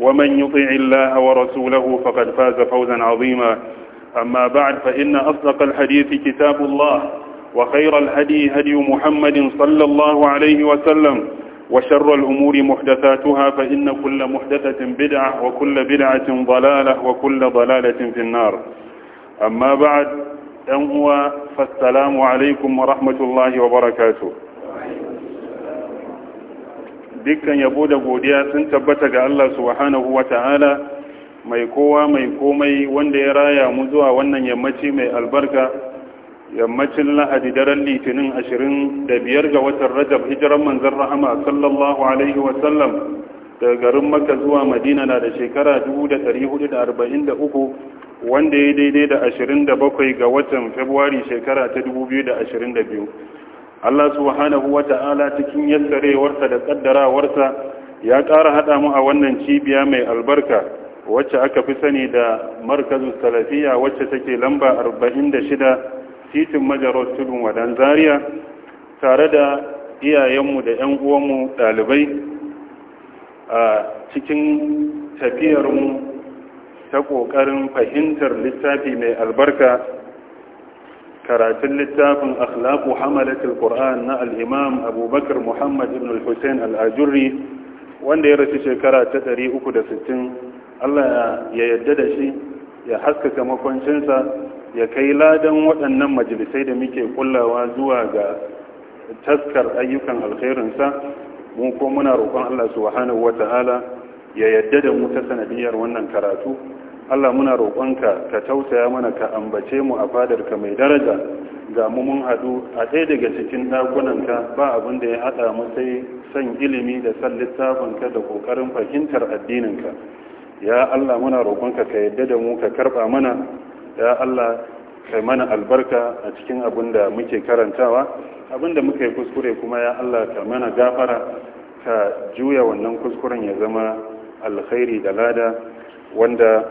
ومن يطع الله ورسوله فقد فاز فوزا عظيما أما بعد فإن أصدق الحديث كتاب الله وخير الهدي هدي محمد صلى الله عليه وسلم وشر الأمور محدثاتها فإن كل محدثة بدعة وكل بدعة ضلالة وكل ضلالة في النار أما بعد أنه فالسلام عليكم ورحمة الله وبركاته dukkan yabo da godiya sun tabbata ga Allah subhanahu wa ta'ala mai kowa mai komai wanda ya raya mu zuwa wannan yammaci mai albarka yammacin lahadi daren litinin 25 ga watan rajab hijiran manzon rahama sallallahu alaihi wa sallam daga garin makka zuwa madina na da shekara 1443 wanda ya daidai da 27 ga watan februari shekara ta 2022 Allah subhanahu wa ta'ala cikin yassarewarsa da ƙaddarawarsa ya ƙara haɗa mu a wannan cibiya mai albarka wacce aka fi sani da markazu salafiya wacce take lamba 46 titin majarar tudun wadan zaria tare da iyayenmu da 'yan uwanmu ɗalibai a cikin tafiyarmu ta ƙoƙarin fahimtar littafi mai albarka karatun littafin akhlaqu hamalatul qur'an na al-imam abubakar muhammad ibn al-husayn al-ajurri wanda ya rasu shekara ta 360 Allah ya yadda da shi ya haskaka makoncinsa ya kai ladan waɗannan majalisai da muke kullawa zuwa ga taskar ayyukan alkhairinsa mu ko muna roƙon Allah subhanahu wata'ala ya yadda da mu ta sanadiyar wannan karatu Allah muna roƙonka ka tausaya mana ka ambace mu a fadar ka mai daraja ga mu mun haɗu a ɗaya daga cikin ɗakunanka ba abin da ya haɗa mu sai son ilimi da san littafinka da ƙoƙarin fahimtar addininka ya Allah muna roƙonka ka yadda da mu ka karɓa mana ya Allah kai mana albarka a cikin abin da muke karantawa abin da muka yi kuskure kuma ya Allah ka mana gafara ka juya wannan kuskuren ya zama alkhairi da lada wanda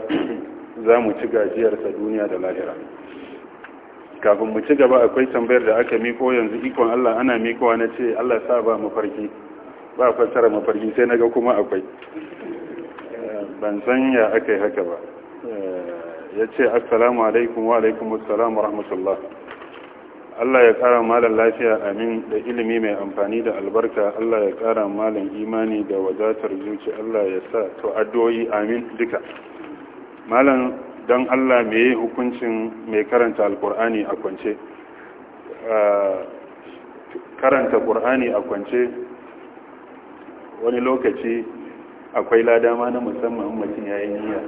za mu ci gajiyarsa duniya da lahira kafin mu ci gaba akwai tambayar da aka miko yanzu ikon Allah ana mikowa na ce Allah sa ba mafarki ba fassara mafarki sai na ga kuma akwai ban san ya aka yi haka ba eh, ya ce assalamu alaikum wa alaikum Allah ya kara malam lafiya amin da ilimi mai amfani da albarka Allah ya kara malam imani da wadatar zuci Allah ya sa to addu'o'i amin duka malam don Allah me hukuncin mai karanta alkur'ani a kwance karanta qur'ani a kwance wani lokaci akwai ladama na musamman mutum yayin niyya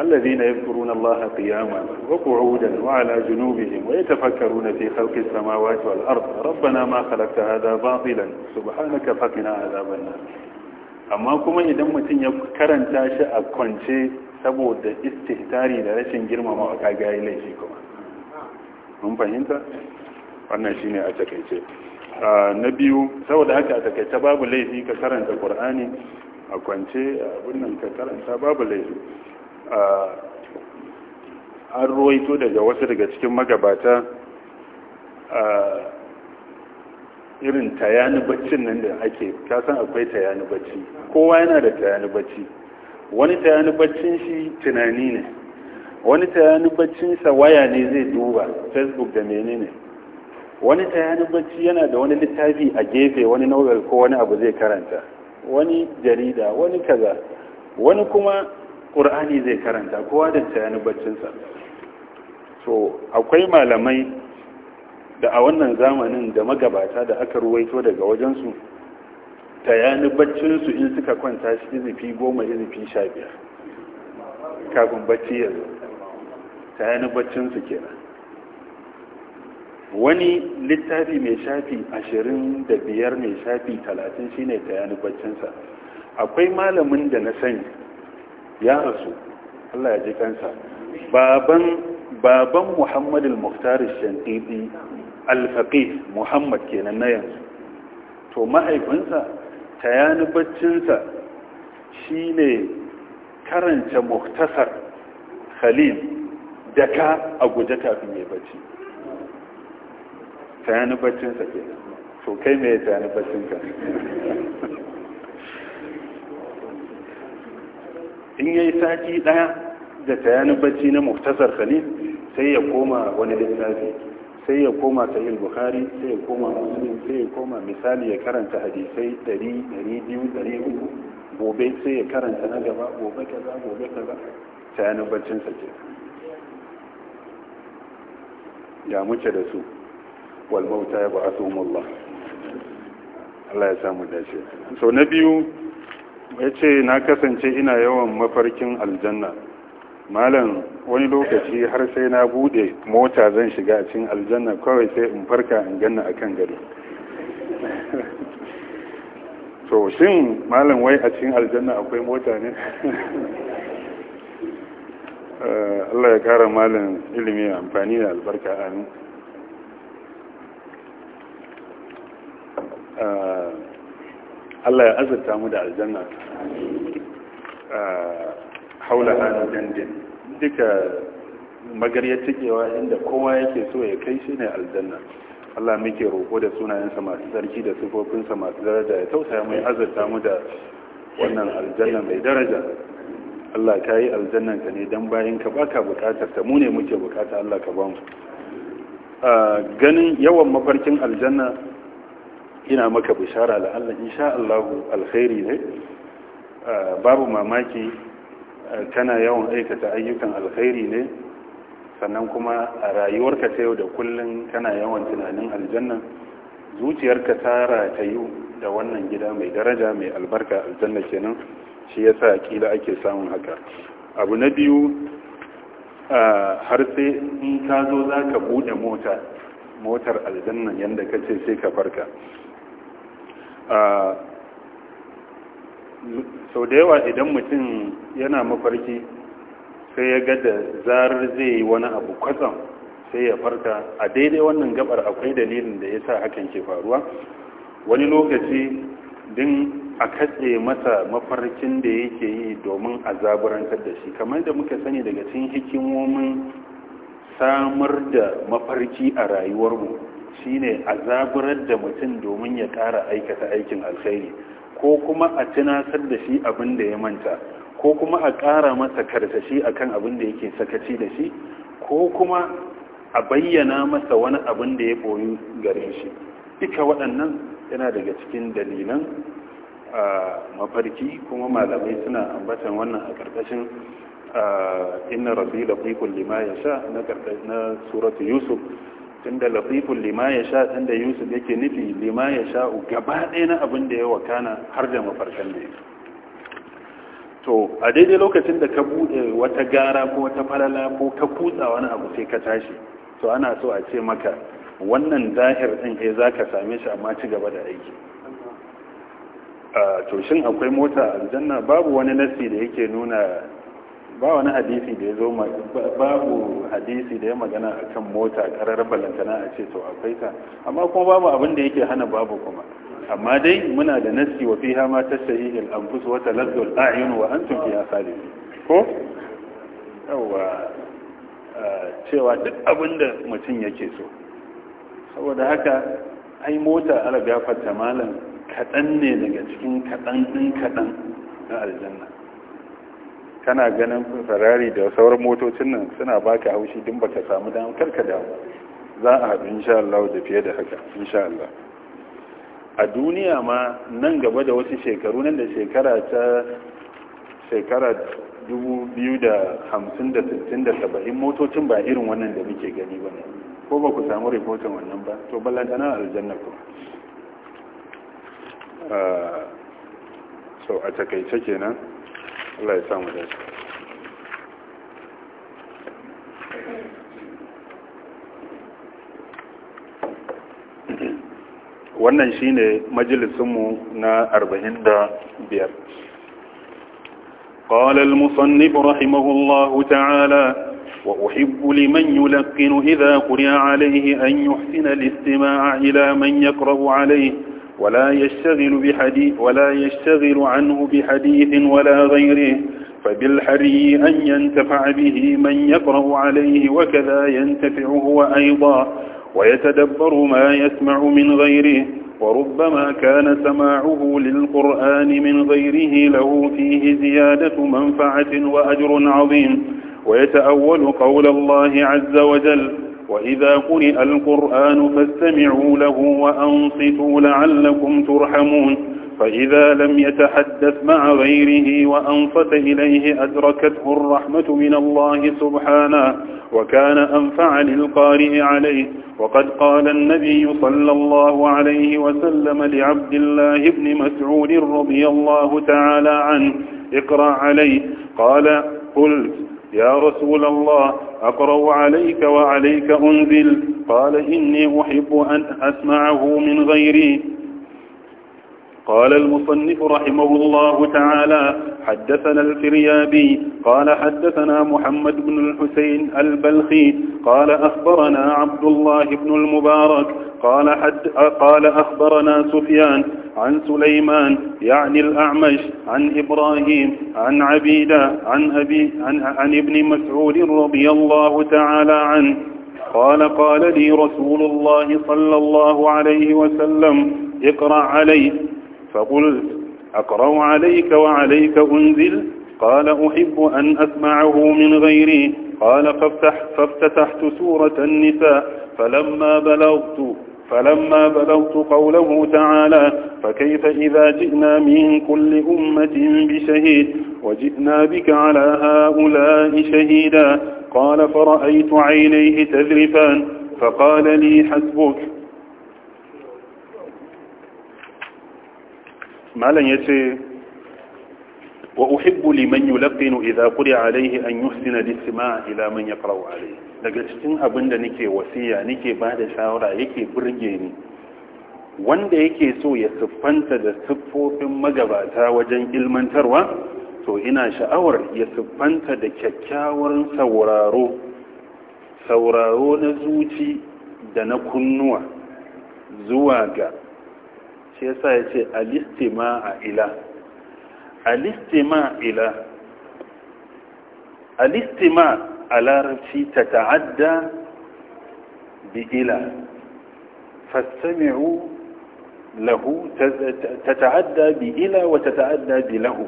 الذين يذكرون الله قياما وقعودا وعلى جنوبهم ويتفكرون في خلق السماوات والأرض ربنا ما خلقت هذا باطلا سبحانك فقنا عذاب النار amma kuma idan mutum ya karanta shi a kwance saboda istihtari da rashin girmama a kagayi laifi kuma mun fahimta wannan shine a takaice na biyu saboda haka a takaice babu laifi ka karanta qur'ani a kwance a wannan ka karanta babu laifi an ruwaito daga wasu daga cikin magabata irin tayani baccin nan da ake kasan akwai tayani bacci kowa yana da tayani bacci wani tayani baccin shi tunani ne wani tayani baccinsa waya ne zai duba facebook da menene wani tayani bacci yana da wani littafi a gefe wani novel ko wani abu zai karanta wani jarida wani kaza wani kuma ƙur'ani zai karanta kowa da tayani baccinsa to akwai malamai da a wannan zamanin da magabata da aka ruwaito daga wajensu tayani baccinsu in suka kwanta shi izifi goma izifi sha biyar kafin bacci ya zo tayani baccinsu kenan wani littafi mai shafi ashirin da biyar mai shafi talatin shine tayani baccinsa akwai malamin da na sani ya rasu Allah ya ji kansa baban baban Muhammad al-Mukhtar al-Shanqidi al-Faqih Muhammad kenan na yanzu to mahaifinsa tayani baccinsa shine karanta muktasar Khalil da ka a guje kafin ya bacci tayani baccinsa kenan to kai me tayani baccinka in ya yi sati ɗaya da tayanin bacci na muftasar khalil sai ya koma wani littafi sai ya koma sahih bukhari sai ya koma muslim sai ya koma misali ya karanta hadisai 100 200 300 gobe sai ya karanta na gaba gobe kaza gobe kaza tayanin baccin sa ke ya muke da su wal mauta ya ba'athumullah Allah ya samu dace so na biyu ya ce na kasance ina yawan mafarkin aljanna malam wani lokaci har sai na bude mota zan shiga a cikin aljanna kawai sai in farka in ganna a kan gari to shin malam wai a cikin aljanna akwai mota ne eh, Allah ya kara malam ilimi amfani da albarka amin eh, Allah ya azurta mu da aljanna haula hannu dandin duka magarya cikewa inda kowa yake so ya kai shi ne aljanna Allah muke roƙo da sunayensa masu sarki da sifofinsa masu daraja ya tausaya mai azurta mu da wannan aljanna mai daraja Allah ka yi aljannan ka ne don bayan ka baka bukatar ta mu ne muke bukata Allah ka ba mu ganin yawan mafarkin aljanna ina maka bishara da allah insha Allah alkhairi ne babu mamaki kana yawan aikata ayyukan alkhairi ne sannan kuma a rayuwarka ta yau da kullun kana yawan tunanin aljanna zuciyarka ta ratayu da wannan gida mai daraja mai albarka aljanna kenan shi yasa kila ake samun haka abu na biyu har sai in ka zo za ka buɗe mota motar aljanna yadda kace sai ka farka sau da yawa idan mutum yana mafarki sai ya ga da zarar zai yi wani abu kwatsam sai ya farka a daidai wannan gabar akwai dalilin da ya sa hakan ke faruwa wani lokaci din a katse masa mafarkin da yake yi domin a zaburantar da shi kamar da muka sani daga cikin hikimomin samar da mafarki a rayuwarmu Shi ne a zaburar da mutum domin ya ƙara aikata aikin alkhairi ko kuma a tunasar da shi abin da ya manta ko kuma a ƙara masa karsashi kan abin da yake sakaci da shi ko kuma a bayyana masa wani abin da ya ɓoyi gare shi duka waɗannan yana daga cikin dalilan mafarki kuma malamai suna ambatan wannan a ƙarƙashin inna rabbi da kulli ma yasha na na suratu yusuf tunda latiful lima ya sha tunda yusuf yake nufi lima ya sha gaba ɗaya na abin da ya wakana har da mafarkan da ya to a daidai lokacin da ka buɗe wata gara ko wata falala ko ka kutsa wani abu sai ka tashi to ana so a ce maka wannan zahir ɗin eh za ka same shi amma ci gaba da aiki ah, to shin akwai mota aljanna babu wani nasi da yake nuna ba wani hadisi da ya zo babu hadisi da ya magana a kan mota karar balantana a ce to akwai ta amma kuma babu abin da yake hana babu kuma amma dai muna da nasi wa fiha ma tashtahihi al-anfus wa talazzu al-a'yun wa antum fiha khalidun ko yawa cewa duk abin da mutum yake so saboda haka ai mota ala fatta malam kaɗan ne daga cikin kaɗan ɗin kaɗan na aljanna kana ganin ferrari da sauran motocin nan suna baka haushi din baka samu dan karka da za a haɗu insha Allah da fiye da haka insha Allah a duniya ma nan gaba da wasu shekaru nan da shekara ta shekara 2050 da 60 da 70 motocin ba irin wannan da muke gani ba ko ba ku samu rahoton wannan ba to dana aljanna ku ah, so a takaice kenan الله ya samu da shi wannan shine majalisinmu na 45 قال المصنف رحمه الله تعالى وأحب لمن يلقن إذا قرئ عليه أن يحسن الاستماع إلى من يقرأ عليه ولا يشتغل, بحديث ولا يشتغل عنه بحديث ولا غيره فبالحري أن ينتفع به من يقرأ عليه وكذا ينتفع هو أيضا ويتدبر ما يسمع من غيره وربما كان سماعه للقرآن من غيره له فيه زيادة منفعة وأجر عظيم ويتأول قول الله عز وجل وإذا قرئ القرآن فاستمعوا له وأنصتوا لعلكم ترحمون فإذا لم يتحدث مع غيره وأنصت إليه أدركته الرحمة من الله سبحانه وكان أنفع للقارئ عليه وقد قال النبي صلى الله عليه وسلم لعبد الله بن مسعود رضي الله تعالى عنه اقرأ عليه قال قلت يا رسول الله أقرأ عليك وعليك أنزل قال إني أحب أن أسمعه من غيري قال المصنف رحمه الله تعالى حدثنا الفريابي قال حدثنا محمد بن الحسين البلخي قال أخبرنا عبد الله بن المبارك قال, حد قال أخبرنا سفيان عن سليمان يعني الأعمش عن إبراهيم عن عبيدة عن, أبي عن, عن ابن مسعود رضي الله تعالى عنه قال قال لي رسول الله صلى الله عليه وسلم اقرأ علي فقل أقرأ عليك وعليك أنزل قال أحب أن أسمعه من غيري قال فافتح فافتتحت سورة النساء فلما بلغت فلما بلغت قوله تعالى فكيف إذا جئنا من كل أمة بشهيد وجئنا بك على هؤلاء شهيدا قال فرأيت عينيه تذرفان فقال لي حسبك malam ce, wa uhibbu liman yulqinu idha quri'a alayhi an yuhsina al-istima' ila man yaqra'u alayhi daga cikin abin da nake wasiya nake bada shawara yake burge ni wanda yake so ya siffanta da siffofin magabata wajen ilmantarwa to ina sha'awar ya siffanta da kyakkyawar sauraro sauraro na zuci da na kunnuwa zuwa ga shi yasa ya ce alistima'a ila alistima'a ila Alistima a larabci ta ta'adda bi ila fassami'u lahu ta ta'adda bi ila wa ta ta'adda bi lahu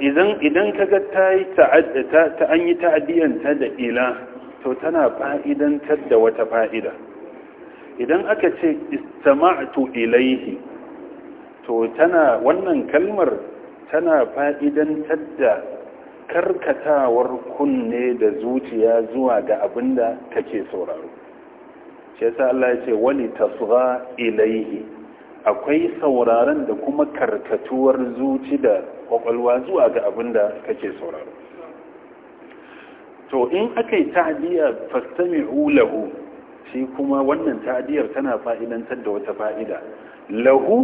idan ka ga yi ta'adda ta an yi ta'adiyanta da ila to tana fa'idantar da wata fa'ida idan aka ce istama'tu ilaihi to tana wannan kalmar tana fa'idantar da karkatawar kunne da zuciya zuwa ga abin da kake sauraro shi yasa Allah ya ce wani tasgha ilaihi akwai sauraron da kuma karkatuwar zuci da kwakwalwa zuwa ga abin kake sauraro to in aka yi tahdiya fastami'u lahu shi kuma wannan ta'adiyar tana fa'idantar da wata fa'ida lahu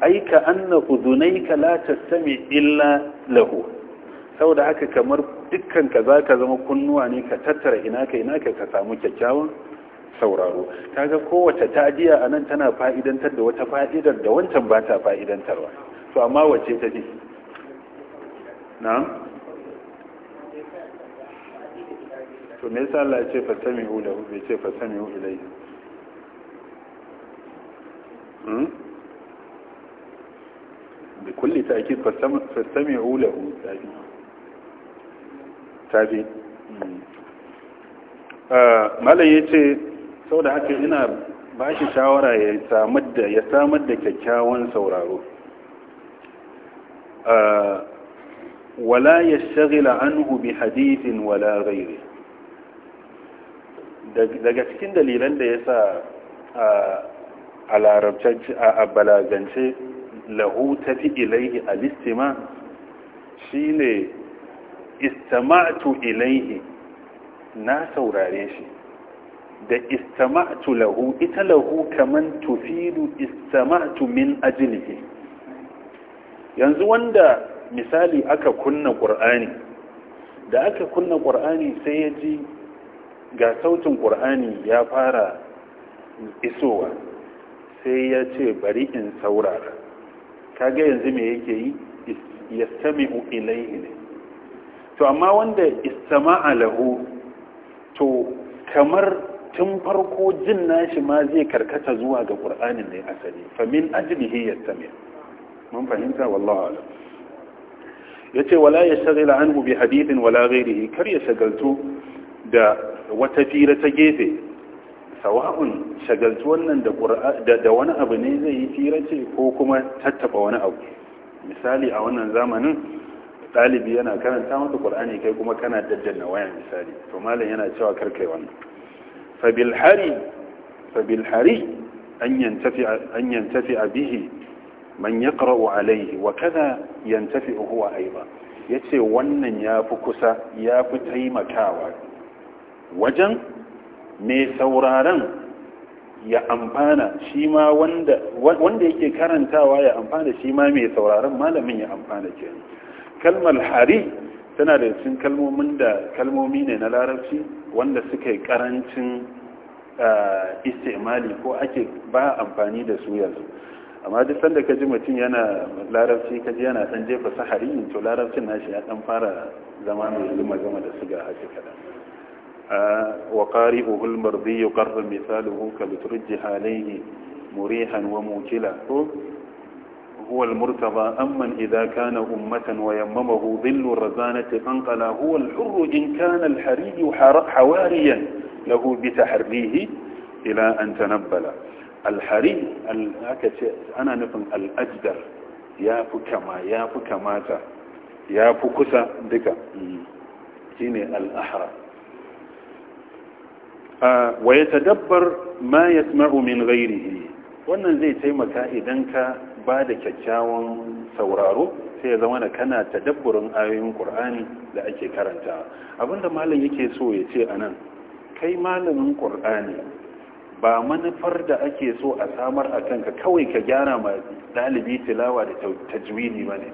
aika anna udhunaika la tastami illa lahu saboda haka kamar dukkan ka za ka zama kunnuwa ne ka tattara ina ka ina ka ka samu kyakkyawan sauraro kaga kowace ta'adiya anan tana fa'idantar da wata fa'idar da wancan ba ta fa'idantarwa to amma wace ta fi na'am to me yasa Allah ya ce bai ce hmm? kulli hmm. ah, malam ya ce sau da haka ina ba shi shawara ya samar da kyakkyawan sauraro ah, wala ya shagila anhu bi hadithin wala gairi daga cikin dalilan da ya sa a larabcanci a balagance lahu ta fi ilaihi alistima shi ne istama'atu ilaihi na saurare shi da istama'atu lahu ita lahu kaman tufidu istama'atu min ajilihi yanzu wanda misali aka kunna ƙur'ani da aka kunna ƙur'ani sai ya ji ga sautin ƙur'ani ya fara isowa sai ya ce bari in saurara kaga yanzu me yake yi yastami'u ilayhi ne to amma wanda istama'a lahu to kamar tun farko jin nashi ma zai karkata zuwa ga ƙur'anin ne asali famin ajlihi yastami mun fahimta wallahi alam yace wala yashghal anhu bi hadithin wala ghairihi kar ya shagaltu da wata fira ta gefe sawa'un shagaltu wannan da wani abu ne zai yi fira ce ko kuma tattaba wani abu misali a wannan zamanin ɗalibi yana karanta maka ƙur'ani kai kuma kana daddanna waya misali to malam yana cewa karkai wannan fabil hari fabil hari an yantafi a bihi man ya ƙara'u alaihi wa kada yantafi uhuwa aiba ya ce wannan ya fi kusa ya fi taimakawa wajen mai sauraron ya amfana shi ma wanda yake karantawa ya amfana shi ma mai sauraron malamin ya amfana ke kalmar hari tana da cikin kalmomin da kalmomi ne na larabci wanda suka yi karancin istimali ko ake ba amfani da su yanzu amma duk sanda ka ji mutum yana larabci ka ji yana ɗan jefa sahari to larabcin nashi ya dan fara zama mai zuma zama da ga hasi kaɗan. آه، وقارئه المرضي قرب مثاله كالترجح عليه مريحا وموكلا هو المرتضى أما إذا كان أمة ويممه ظل الرزانة فانقلا هو الحر إن كان الحري حواريا له بتحريه إلى أن تنبلا الحري أنا نفهم الأجدر يا فكما يا فكما يا فكسا ya هنا الأحرى wa ya tadabbar ma ya min wannan zai taimaka idan ka ba da kyakkyawan sauraro sai ya zama da kana tadabburin ayoyin ƙur'ani da ake karanta abinda malam yake so ya ce a nan kai malamin ƙur'ani ba manufar da ake so a samar a kanka kawai ka gyara ma dalibi tilawa da tajwiri ba ne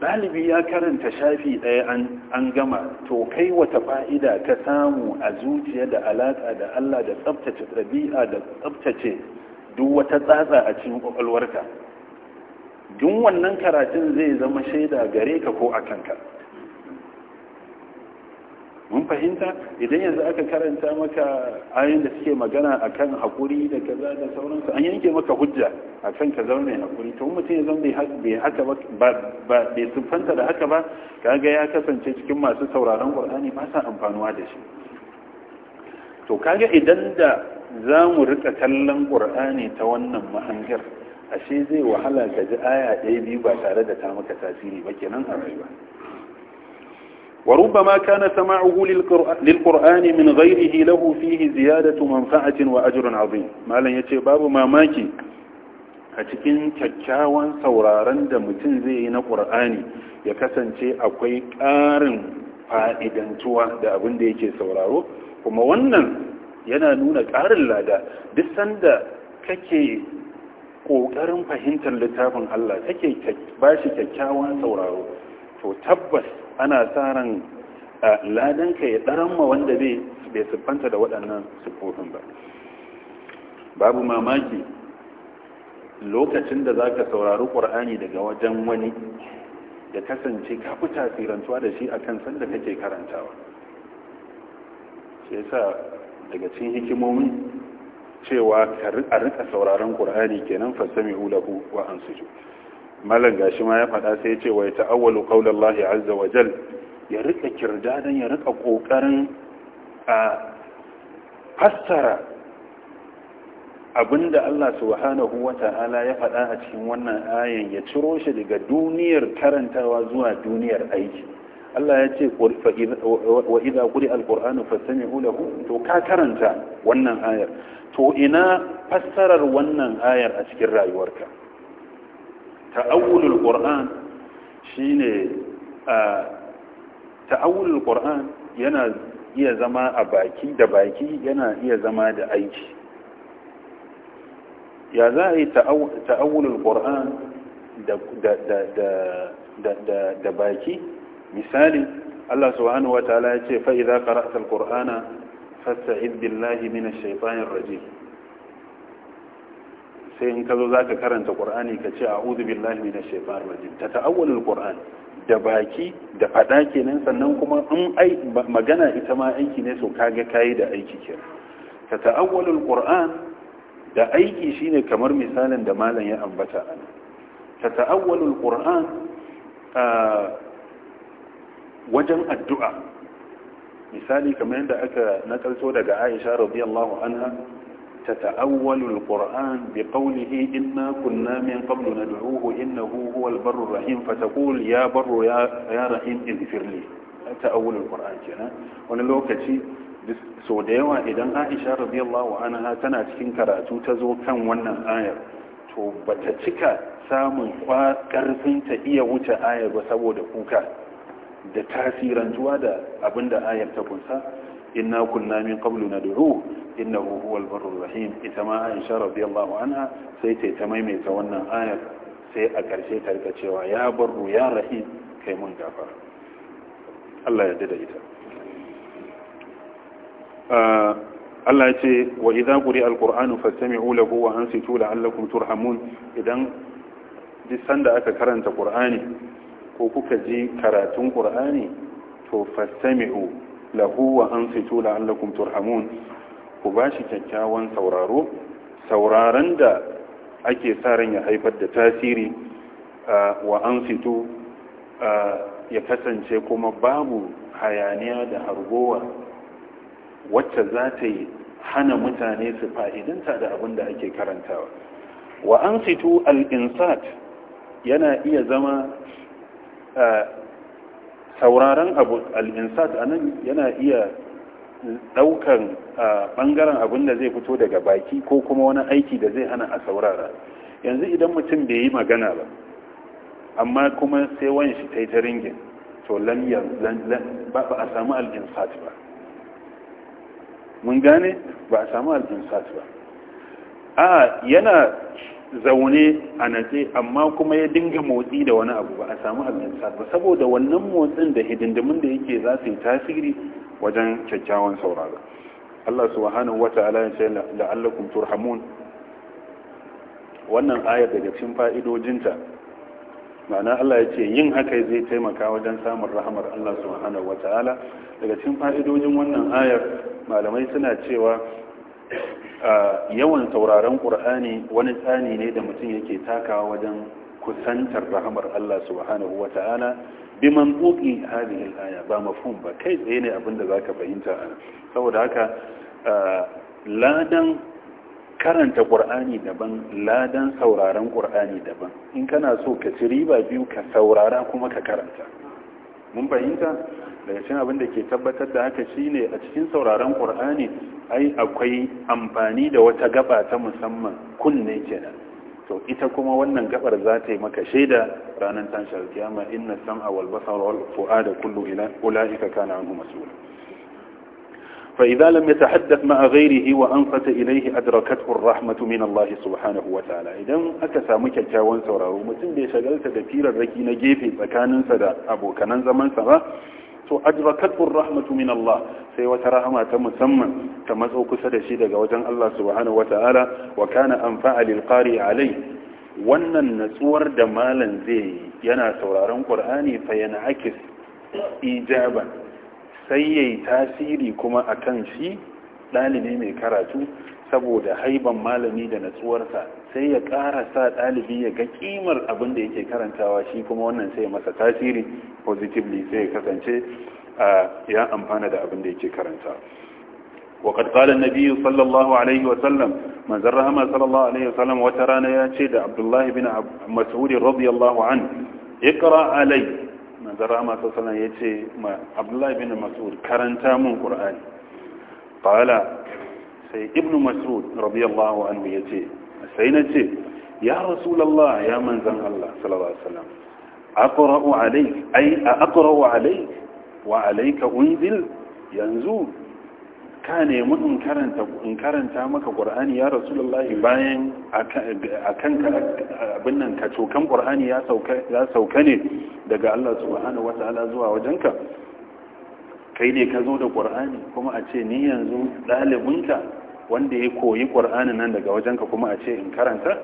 ɗalibi ya karanta shafi ɗaya an gama to kai wata fa'ida ka samu a zuciya da alaƙa da Allah da tsabtace ɗabi'a da tsabtace duk wata tsatsa a cikin ƙwaƙwalwarka duk wannan karatun zai zama shaida gare ka ko a kanka mun fahimta idan yanzu aka karanta maka ayin da suke magana a kan haƙuri da kaza da sauransu an yanke maka hujja akan ka zaune haƙuri to mutum ya zama bai haka ba sufanta da haka ba kaga ya kasance cikin masu sauraron qur'ani ba sa amfanuwa da shi to kaga idan da za mu rika kallon ƙur'ani ta wannan mahangar ashe zai wahala ka ji aya ɗaya biyu ba tare da ta maka tasiri ba kenan a rayuwa وربما كان سماعه للقرآن من غيره له فيه زيادة منفعة وأجر عظيم ما لن يتباب ما ماكي أتكين كتاوان سورارا دمتن زين قرآن يكسن تي أكوي كارن فائدا توا دا أبن ديكي سورارو وما ونن yana nuna ƙarin lada duk sanda kake ƙoƙarin fahimtar littafin Allah kake ba shi kyakkyawan sauraro to tabbas ana sa ran ka ya ɗaran ma wanda bai siffanta da waɗannan siffofin ba babu mamaki lokacin da za ka saurari ƙur'ani daga wajen wani ya kasance ka fi tasirantuwa da shi a kan sanda kake karantawa sai sa daga cikin hikimomi cewa a rika sauraron ƙur'ani kenan fasami ulahu wa an su sujudu malam gashi ma ya faɗa sai ya ce wa ya ta'awwalu qaulallahi azza wa jal ya rika kirdadan ya rika kokarin a fassara abinda Allah subhanahu wa ta'ala ya faɗa a cikin wannan ayan ya ciro shi daga duniyar karantawa zuwa duniyar aiki Allah ya ce wa idha quri alqur'anu fastami'u lahu to ka karanta wannan ayar to ina fassarar wannan ayar a cikin rayuwarka ta'awulul qur'an shine ta'awulul qur'an yana iya zama a baki da baki yana iya zama da aiki ya za a yi ta'awulul qur'an da da da da baki misali Allah subhanahu wataala ya ce fa idza qara'ta al-qur'ana fasta'id billahi minash shaitanir rajim sai in ka zo za ka karanta ƙur'ani ka ce a'udhu billahi minash shaytanir rajim ta ta'awwalul qur'an da baki da fada kenan sannan kuma in ai magana ita ma aiki ne so kaga kayi da aiki ke ta ta'awwalul qur'an da aiki shine kamar misalin da malam ya ambata ana ta ta'awwalul qur'an wajen addu'a misali kamar yadda aka nakalto daga Aisha radiyallahu anha تتأول القرآن بقوله إنا كنا من قبل ندعوه إنه هو البر الرحيم فتقول يا بر يا, يا رحيم اغفر لي تأول القرآن كنا ونلوكتي so da yawa idan aisha radiyallahu anha tana cikin karatu ta zo kan wannan ayar to bata cika samun karfin ta iya wuce ayar ba saboda kuka da tasirantuwa da abinda ayar ta kunsa inna kunna min qablu nad'u innahu huwal barrur rahim ita ma Aisha radiyallahu anha sai ta ta maimaita wannan ayar sai a karshe ta rika cewa ya barru ya rahim kai mun gafara Allah ya da ita Allah ya ce wa idza quri alqur'anu fastami'u lahu wa ansitu la'allakum turhamun idan duk sanda aka karanta qur'ani ko kuka ji karatun qur'ani to fastami'u lahu wa ansitu la'allakum turhamun ku bashi kyakkyawan sauraro sauraron da ake sa ran ya haifar da tasiri wa ansitu ya kasance kuma babu hayaniya da hargowa wacce za ta yi hana mutane su fa'idanta da abin da ake karantawa wa an fito al'insat yana iya zama sauraron abu al'insat a nan yana iya ɗaukan ɓangaren abin da zai fito daga baki ko kuma wani aiki da zai hana a saurara yanzu idan mutum bai yi magana ba amma kuma sai wani shi ta yi ta ringin to lamiyar ba a samu al'insat ba mun gane ba a samu al'insat ba a yana zaune a natse amma kuma ya dinga motsi da wani abu ba a samu al'insar ba saboda wannan motsin da hidindimin da yake za su yi tasiri wajen kyakkyawan sauraro Allah subhanahu wata'ala ya ce la'allakum turhamun wannan ayar daga cikin fa'idojinta ma'ana Allah ya ce yin haka zai taimaka wajen samun rahamar Allah subhanahu wata'ala daga cikin fa'idojin wannan ayar malamai suna cewa yawan sauraron qur'ani wani tsani ne da mutum yake takawa wajen kusantar rahamar Allah subhanahu wata'ala bi mantuqi hadhihi al-aya ba mafhum ba kai tsaye ne abinda ka fahimta ana saboda haka ladan karanta qur'ani daban ladan sauraron qur'ani daban in kana so ka ci riba biyu ka saurara kuma ka karanta mun fahimta daga abin da ke tabbatar da haka shine a cikin sauraron kur'ani ai akwai amfani da wata gaba ta musamman kunne kenan to ita kuma wannan gabar za ta yi maka shaida ranar tashar kiyama inna sam'a wal basar wal fu'ada kullu ila ulaika kana anhu masul fa idza lam yatahaddath ma'a ghayrihi wa an ilayhi adrakathu ar-rahmatu minallahi subhanahu wa ta'ala idan aka samu kyakkyawan sauraro mutum bai shagalta da firarraki na gefe tsakaninsa da abokan zaman sa ba to ajbakatu rahmatu min Allah sai wata rahama ta musamman ta matso kusa da shi daga wajen Allah subhanahu wataala wa kana anfa'a lil qari alai wannan natsuwar da malan zai yana sauraron qur'ani fa yanakis ijaban sai yayi tasiri kuma akan shi dalibi mai karatu saboda haiban malami da natsuwarsa sai ya ƙara sa ɗalibi ya ga ƙimar abin da yake karantawa shi kuma wannan sai masa tasiri positively sai ya kasance ya amfana da abin da yake karanta وقد قال النبي صلى الله عليه وسلم من زرهما صلى الله عليه وسلم وترانا يا شيد عبد الله بن مسعود رضي الله عنه اقرأ علي من زرهما صلى الله عليه وسلم يتي عبد الله بن مسعود كرنتا من قرآن قال سي ابن مسعود رضي الله عنه يتي sai na ce ya rasulallah ya manzan Allah sallallahu alaihi wasallam aqra'u alayk ay aqra'u alayk wa alayka unzil yanzu ka nemi in karanta maka qur'ani ya rasulallah bayan a akan abin nan ka cokan qur'ani ya sauka ne daga Allah subhanahu wataala zuwa wajenka kai ne ka zo da qur'ani kuma a ce ni yanzu ɗalibinka wanda ya koyi ƙur'anin nan daga wajenka kuma a ce in karanta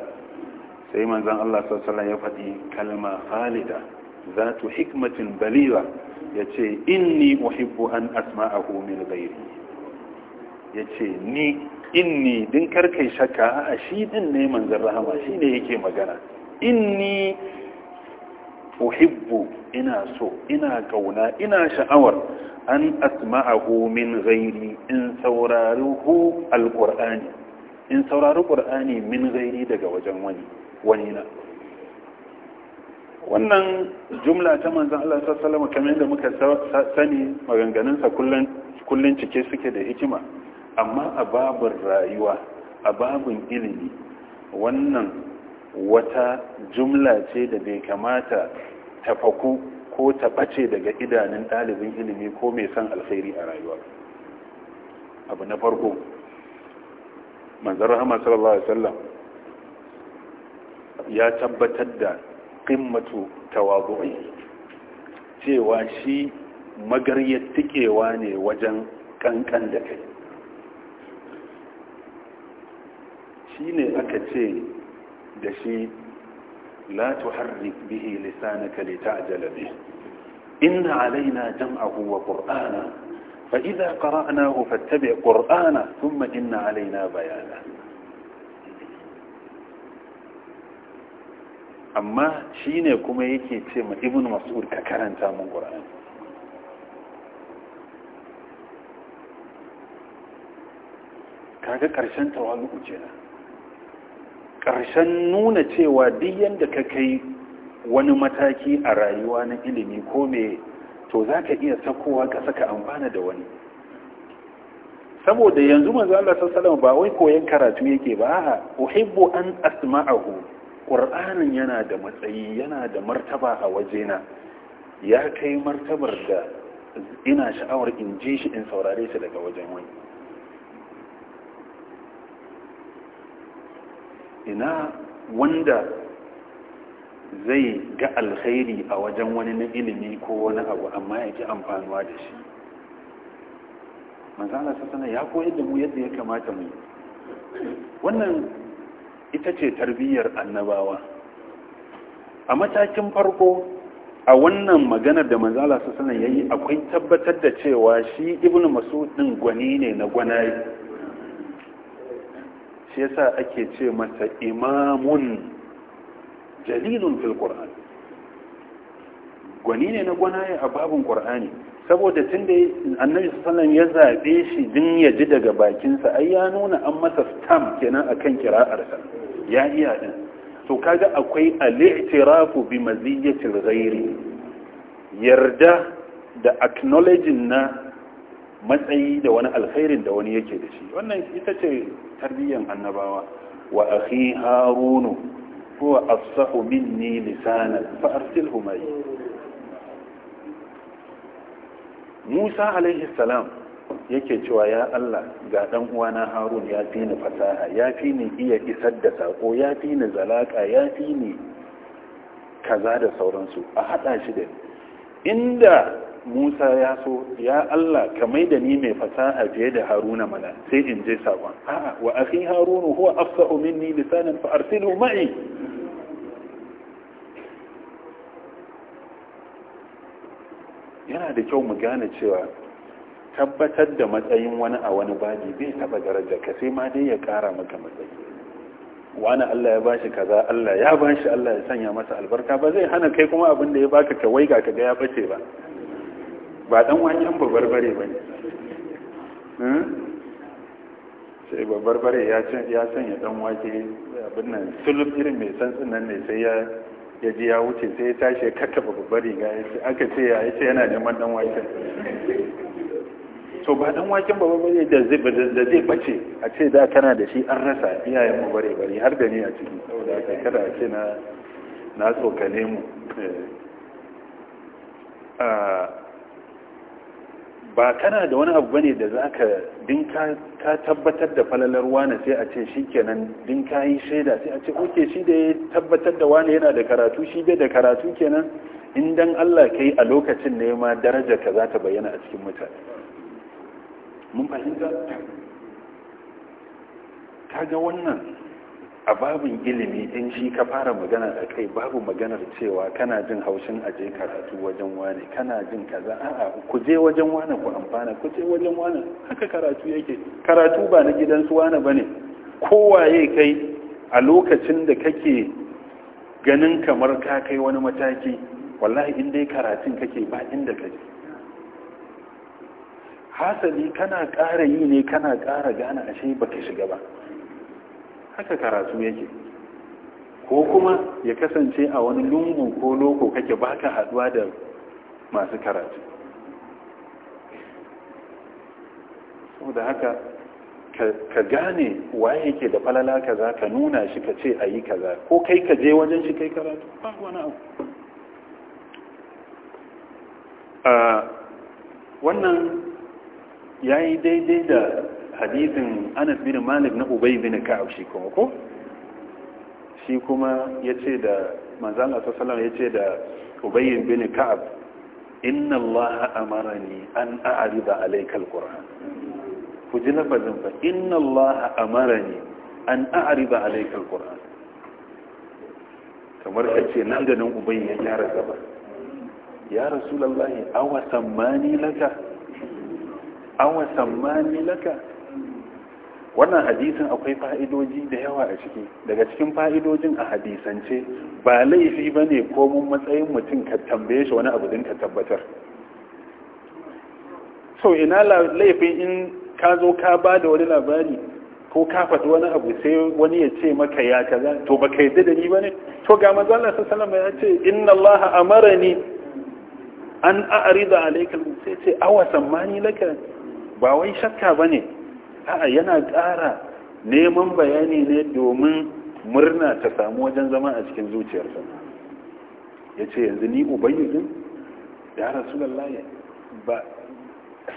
sai manzan Allah sassala ya faɗi kalma khalida zatu hikmatin baliga yace inni uhibbu an asma a homin min ya ce ni inni din karkai shaka a shi din ne manzan rahama shi ne yake magana inni uhib ina so ina kauna ina sha'awar an asma'ahu min ghairi in sauraruhu alqur'ani in saurari qur'ani min ghairi daga wajen wani wani na wannan jumla ta manzon Allah sallallahu alaihi kamar yadda muka sani maganganunsa kullun kullun cike suke da hikima amma a babin rayuwa a babun ilimi wannan wata jumla ce da bai kamata Tafaku ko ta ɓace daga idanun ɗalibin ilimi ko mai son alkhairi a rayuwa abu na farko manzan rahama sallallahu alaihi wasallam ya tabbatar da ƙimmatu tawabu'i cewa shi magaryar tikewa ne wajen ƙanƙan da kai shi ne aka ce da shi لا تحرك به لسانك لتعجل به إن علينا جمعه وقرآنه فإذا قرأناه فاتبع قرآنه ثم إن علينا بيانه amma shi ne kuma yake ce ma ibn mas'ud ka karanta mun ƙura'ani kaga ƙarshen tawalu ce na ƙarshen nuna cewa duk yadda ka kai wani mataki a rayuwa na ilimi ko me to za ka iya sakowa ka saka amfana da wani saboda yanzu manzo Allah sallallahu ba wai koyon karatu yake ba a'a uhibbu an asma'ahu qur'anin yana da matsayi yana da martaba a wajena ya kai martabar da ina sha'awar in ji shi in saurare shi daga wajen wani ina wanda zai ga alkhairi a wajen wani na ilimi ko wani abu amma ya ji amfanuwa da shi manzana sana ya koyar da mu yadda ya kamata mu wannan ita ce tarbiyyar annabawa a matakin farko a wannan maganar da manzala sassana ya yi akwai tabbatar da cewa shi ibn masudin gwani ne na gwanayi shi yasa ake ce mata imamun jalilun fil qur'an gwani ne na gwanaye a babin qur'ani saboda tunda annabi sallallahu ya zabe shi din ya ji daga bakinsa ai ya nuna an masa stamp kenan akan kira'arsa ya iya din to kaga akwai al-i'tirafu bi al ghairi yarda da acknowledging na matsayi da wani alkhairin da wani yake da shi wannan ita ce tarbiyyar annabawa wa akhi harunu huwa afsahu minni lisana fa arsilhu mai Musa alaihi salam yake cewa ya Allah ga dan uwana Harun ya fi ni fasaha ya fi ni iya isar da sako ya fi ni zalaka ya fi ni kaza da sauransu a hada shi da inda Musa ya so ya Allah ka mai da ni mai fasaha fiye da Haruna mana sai in je sakon a'a wa akhi Harunu huwa afsahu minni lisanan fa arsilhu ma'i yana da kyau mu gane cewa tabbatar da matsayin wani a wani baji bai taba daraja ka sai ma dai ya kara maka matsayi wani Allah ya bashi kaza Allah ya bashi Allah ya sanya masa albarka ba zai hana kai kuma abin da ya baka ka waiga ka ga ya bace ba ba dan wancan babbar bare ba ne hmm? sai babbar bare ya sanya dan wake abin nan sulub irin mai santsin nan ne sai ya ya ji ya wuce sai ya tashi ya kakka babbar barbare ya ce aka ce ya ce yana neman dan wake to ba dan waken babbar bare da zai bace a ce da kana da shi an rasa iyayen mu bare bare har da ni a ciki saboda haka kada a ce na na tsokane mu eh. ah, ba kana da wani abu ne da za ka dinka ka tabbatar da falalar wane sai a ce shi kenan dinka yi shaida sai a ce oke shi da ya tabbatar da wane yana da karatu shi bai da karatu kenan in dan Allah kai a lokacin ne ma daraja ka za ta bayyana a cikin mutane mun fahimta kaga wannan a babin ilimi in shi ka fara magana a kai babu maganar cewa kana jin haushin a karatu wajen wane kana jin kaza a'a ku je wajen wane ku amfana ku je wajen wane haka karatu yake karatu ba na gidan su wane bane kowaye kai a lokacin da kake ganin kamar ka kai wani mataki wallahi in dai karatun kake ba inda kaje hasali kana ƙara yi ne kana ƙara gane ashe baka shiga ba haka karatu yake ko kuma ya kasance a wani lungu ko loko kake baka haduwa da masu karatu da haka ka gane waye yake da falala kaza ka nuna shi ka ce a kaza ko kai ka je wajen shi kai karatu ba wani abu ah, wannan ya yi daidai da hadisin anas bin malik na ubay bin ka'ab shi kuma ko shi kuma yace da manzon Allah sallallahu alaihi wasallam yace da ubay bin ka'ab inna Allah amarani an a'rida alayka alquran ku ji lafazin fa inna Allah amarani an a'rida alayka alquran kamar kace nan da nan ubay ya tara gaba ya rasulullahi awa sammani laka awa sammani laka wannan hadisin akwai fa'idoji da yawa a ciki daga cikin fa'idojin a hadisance ba laifi ba ne mun matsayin mutum ka tambaye shi wani abu ka tabbatar so ina laifin in ka zo ka ba da wani labari ko ka faɗi wani abu sai wani ya ce maka ya kaza to ba ka yi da ni ba ne to ga sassanar sassalama ya ce inna Allah mara ni an a'arida alaikal sai ce awa sammani laka ba wai shakka ba ne a'a yana ƙara neman bayani ne domin murna ta samu wajen zama a cikin zuciyarsa ya ce yanzu ni ubayyudin ya rasu lallaye ba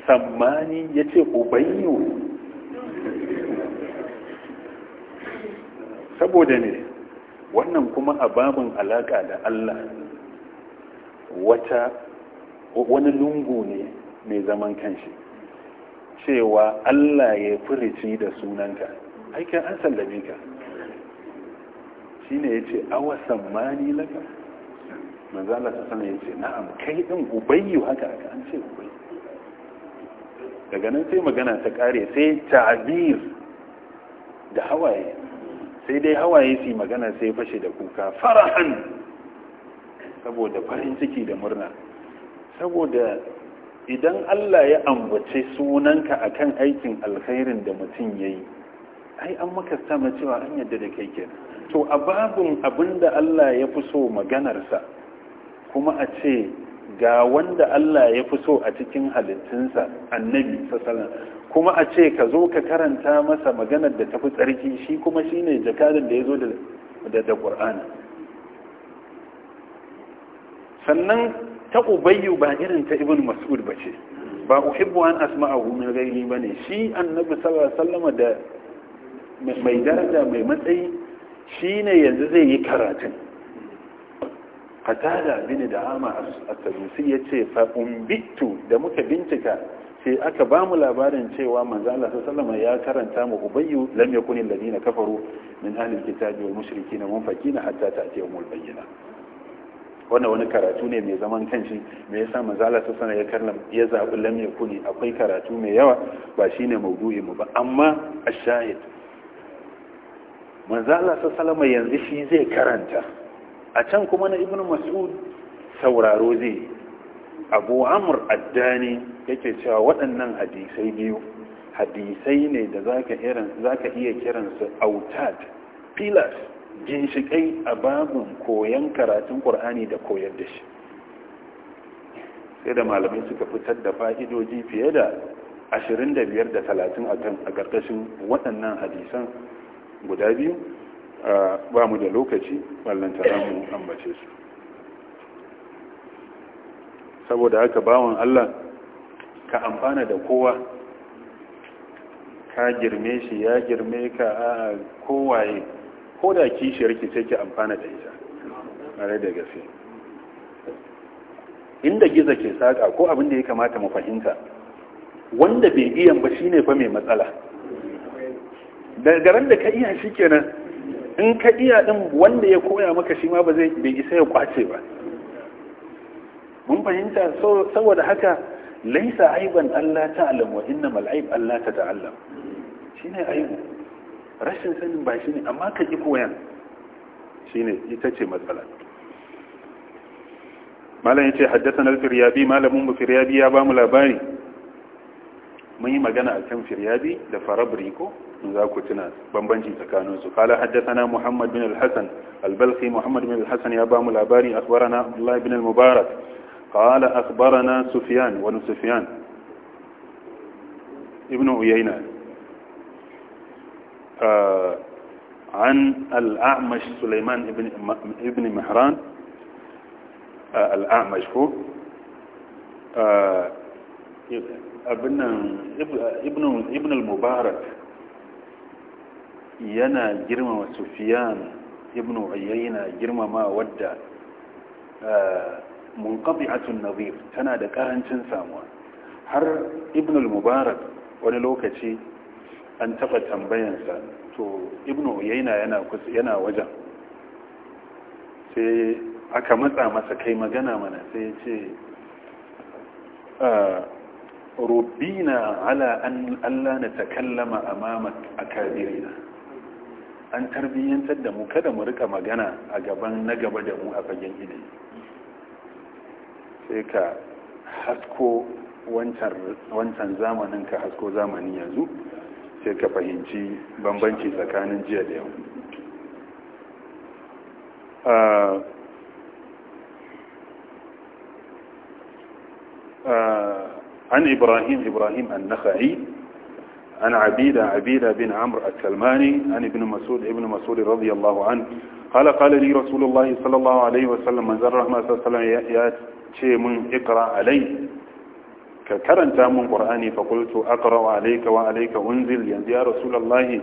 sammani ya ce ubayyu saboda ne wannan kuma a babin alaƙa da allah wata wani lungu ne mai zaman kanshi cewa Allah ya furici da sunanka aikin an sallame ka shi ne ya ce awa sammani laka manzala ta sana ya ce na'am kai ɗin ubayyu haka aka an ce ubayyu daga nan sai magana ta ƙare sai ta'abir da hawaye sai dai hawaye su magana sai fashe da kuka farahan saboda farin ciki da murna saboda idan Allah ya ambace sunanka a kan aikin alkhairin da mutum ya yi ai an maka sama cewa an yadda da kai kenan to a babin abin da Allah ya fi so maganarsa kuma a ce ga wanda Allah ya fi so a cikin halittunsa annabi sassalan kuma a ce ka zo ka karanta masa maganar da tafi tsarki shi kuma shi ne jakadar da ya zo da ƙur'ana sannan ta ubayyu ba irin ta ibn mas'ud ba ce ba uhibbu an asma'ahu min ghairi bane shi annabi sallallahu alaihi wasallam da mai daraja mai matsayi shine yanzu zai yi karatun qatada bin da'ama as-sadusi yace fa umbitu da muka bincika sai aka ba mu labarin cewa manzo Allah sallallahu alaihi ya karanta mu ubayyu lam yakun alladhina kafaru min ahli al-kitabi wal mushrikeen munfakina hatta ta'tiyahum al-bayyinah wannan wani karatu ne mai zaman kanshi me yasa manzala ta sana ya karlam ya zaɓi lamya kuni akwai karatu mai yawa ba shi ne maudu'i mu ba amma shahid manzala ta salama yanzu shi zai karanta a can kuma na ibnu mas'ud sauraro zai abu amur addani yake cewa waɗannan hadisai biyu hadisai ne da za ka iya kiransu autad pilas ginshiƙai a babin koyon karatun ƙur'ani da koyar da shi sai da malamai suka fitar da fa'idoji fiye da 25 da 30 a ƙarƙashin waɗannan hadisan guda biyu ba mu da lokaci ballantara mu ambace su saboda haka bawan Allah ka amfana da kowa ka girme shi ya girme ka a kowaye ko da kishiyar ki sai ki amfana da ita mare da gaske inda giza ke saka ko abin da ya kamata mu fahimta wanda bai iya ba shine fa mai matsala daga garan da ka iya shi kenan in ka iya din wanda ya koya maka shi ma ba zai bai isa ya kwace ba mun fahimta saboda haka laisa aiban Allah ta'lam wa innamal aib Allah ta'allam shine aibu rashin sanin ba shi ne amma ka ƙi koyan shi ne ita ce matsala malam ya ce haddasa na firyabi malamin mu firyabi ya ba mu labari mun yi magana a kan firyabi da farabri ko in za ku tuna bambanci tsakaninsu kala haddasa muhammad bin al-hassan albalki muhammad bin al-hassan ya ba mu labari akhbarana abdullahi bin al-mubarak قال أخبرنا سفيان ابن سفيان ابن عيينة آه، عن الأعمش سليمان ابن مهران آه، الأعمش هو آه، ابن ابن ابن المبارك ينا جرمه وسفيان ابن عيينا جرمه ما ودى منقطعة النظير تنادى كارنشن ساموان هر ابن المبارك ونلوكتي an taɓa tambayansa to ibnu uyaina yana yana wajen sai aka matsa masa kai magana mana sai ya ce ah, rubina ala an Allah na takallama a Kabirina. an tarbiyyantar da mu kada mu rika magana a gaban na gaba da mu a fagen ilimi sai ka hasko wancan zamanin ka hasko zamani yanzu sai ka fahimci bambanci tsakanin jiya da yau عن إبراهيم إبراهيم النخعي عن عبيدة عبيدة بن عمرو السلماني عن ابن مسعود ابن مسعود رضي الله عنه قال قال لي رسول الله صلى الله عليه وسلم من ذر رحمة صلى الله عليه وسلم يا ka karanta min ƙur'ani fa qultu aqra'u wa alayka unzil yanzu ya rasulallah,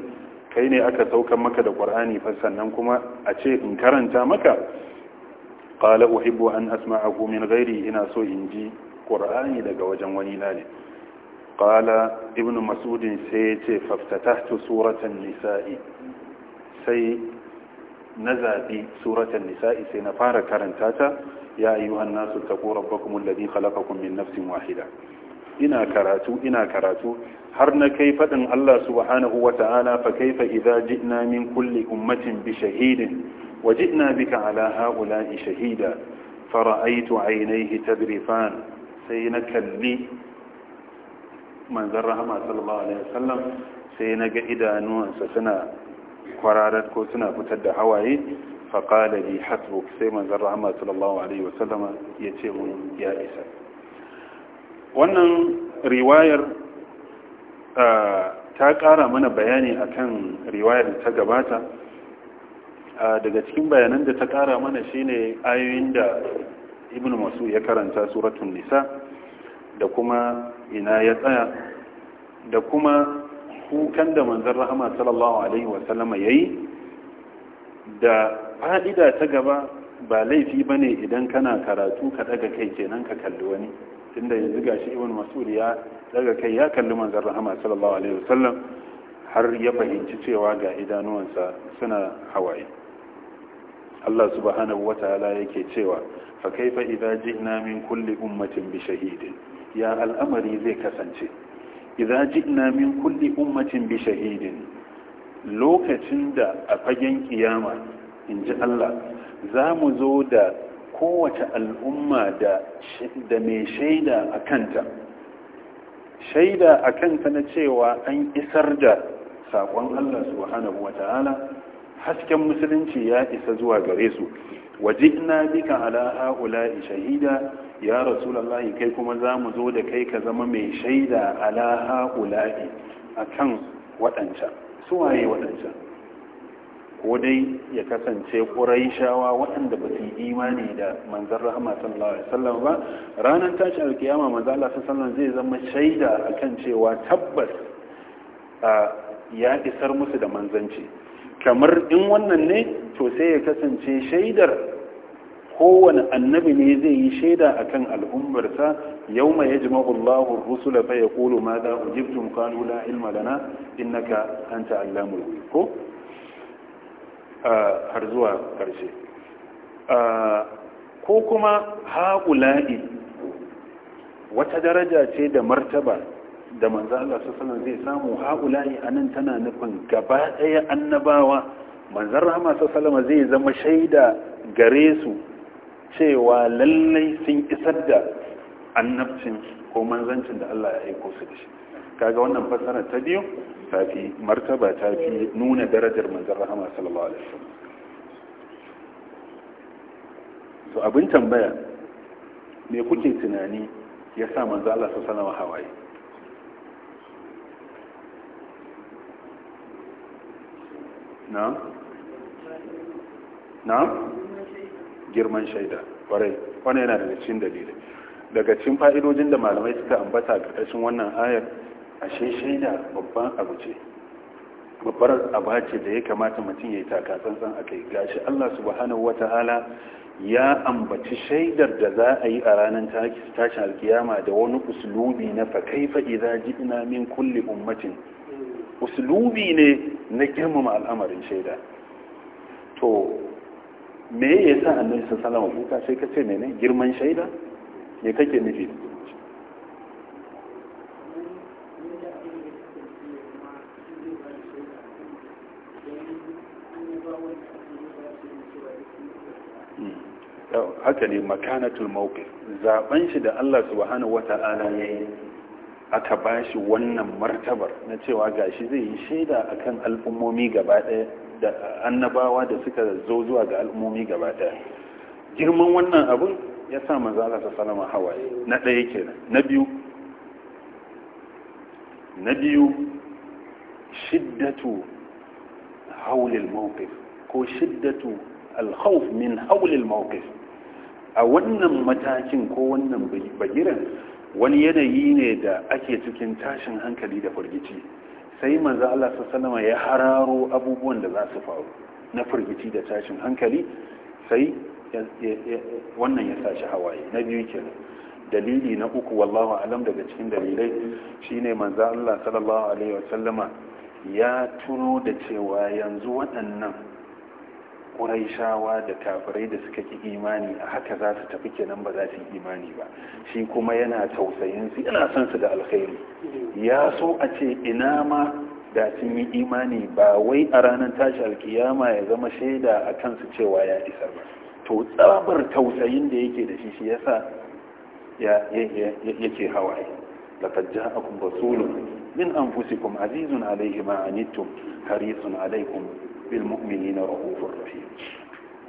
kai ne aka saukan maka da ƙur'ani fa sannan kuma a ce in karanta maka qala uhibbu an a min ghairi ina so in ji ƙur'ani daga wajen wani na ne qala ibnu mas'ud sai ya ce faftatahtu suratan nisa'i sai na zaɓi suratan nisa'i sai na fara karanta ta ya ayyuhan nasu taqu rabbakum alladhi khalaqakum min nafsin wahida ina karatu ina karatu har na kai faɗin Allah subhanahu wa ta'ala fa kaifa idza ji'na min kulle ummatin bi shahidin wa ji'na bika ala i shahida fara'aitu ta birifan. sai na kalli manzon rahama sallallahu alaihi wasallam sai na ga idanuwansa suna kwararar ko suna fitar da hawaye fa qala hasbuk sai manzan rahama sallallahu alaihi ya ce mun ya isa wannan riwayar ta ƙara mana bayani a kan riwayar ta gabata daga cikin bayanan da ta ƙara mana shine ayoyin da ibn masu ya karanta suratun nisa da kuma ina ya tsaya da kuma kukan da manzan rahama sallallahu alaihi wasallama ya yi da fa'ida ta gaba ba laifi ba ne idan kana karatu ka ɗaga kai kenan ka kalli wani tunda yanzu gashi ibn mas'ud ya daga kai ya kalli manzon rahama sallallahu alaihi wasallam har ya fahimci cewa ga idanuwansa suna hawaye Allah subhanahu wataala yake cewa fa kaifa idza ji'na min kulli ummatin bi shahidin ya al'amari zai kasance idza ji'na min kulli ummatin bi shahidin lokacin da a fagen kiyama in ji Allah za mu zo da kowace al'umma da mai shaida a kanta shaida a kanta na cewa an isar da saƙon Allah subhanahu wa ta'ala hasken musulunci ya isa zuwa gare su waje ina bika ala ha'ula'i shahida ya rasulullahi kai kuma za mu zo da kai ka zama mai shaida ala ha'ula'i a kan waɗancan suwaye waɗancan ko dai ya kasance ƙurai shawa waɗanda ba su yi imani da manzan rahama sallallahu alaihi wasallam ba ranar tashi alkiyama manzan Allah sallallahu zai zama shaida akan cewa tabbas ya isar musu da manzanci kamar in wannan ne to sai ya kasance shaidar kowane annabi ne zai yi shaida a kan al'ummarsa yau mai ya jima Allahun rusula fa ya ƙulu ma za ku jibtun kanu la ilma lana innaka anta ko har zuwa ƙarshe ko kuma haƙula'i wata daraja ce da martaba da manzo Allah zai samu haƙula'i a nan tana nufin gaba ɗaya annabawa manzon rahama sallallahu zai zama shaida gare su cewa lallai sun isar da annabcin ko manzancin da Allah ya aiko su da shi kaga wannan fasara ta biyu ta fi martaba ta fi nuna darajar manzon rahama sallallahu alaihi wasallam to abin tambaya me kuke tunani ya sa manzo Allah sallallahu alaihi wasallam na na girman shaida kwarai wannan yana daga cikin dalilin daga cikin fa'idojin da malamai suka ambata a ƙarƙashin wannan ayar ashe shaida babban abu ce babbar abace da ya kamata mutum ya yi taka a kai gashi Allah subhanahu ta'ala ya ambaci shaidar da za a yi a ranar tashin alkiyama da wani uslubi na fakaifa idza ji'na min kulli ummatin uslubi ne na girmama al'amarin shaida to me yasa annabi sallallahu alaihi wasallam kuka sai kace menene girman shaida me kake nufi ne makanatul mawqif zaben shi da Allah subhanahu wata'ala yayi aka bashi wannan martabar na cewa gashi zai yi shaida akan al'ummomi gaba ɗaya da annabawa da suka zo zuwa ga al'ummomi gaba girman wannan abun ya sa manzo Allah salama hawaye na ɗaya kenan na biyu na biyu shiddatu haulil mawqif ko shiddatu al-khawf min haulil mawqif a wannan matakin ko wannan bagiran wani yanayi ne da ake cikin tashin hankali da firgici sai manzo Allah sallama ya hararo abubuwan da za su faru na firgici da tashin hankali sai wannan ya sashi hawaye na biyu kenan dalili na uku wallahu alam daga cikin dalilai shine manzo Allah sallallahu alaihi wasallama ya tuno da cewa yanzu waɗannan ƙuraishawa da kafirai da suka ki imani a haka za su tafi kenan ba za su yi imani ba shi kuma yana tausayin su yana son su da alkhairi ya so a ce ina ma da sun yi imani ba wai a ranar tashi alkiyama ya zama shaida a kansu cewa ya isar ba to tsabar tausayin da yake da shi shi yasa yake hawaye laqad ja'akum rasulun min anfusikum azizun alayhi ma anittum harisun alaykum bil mu'minina rahufur rahim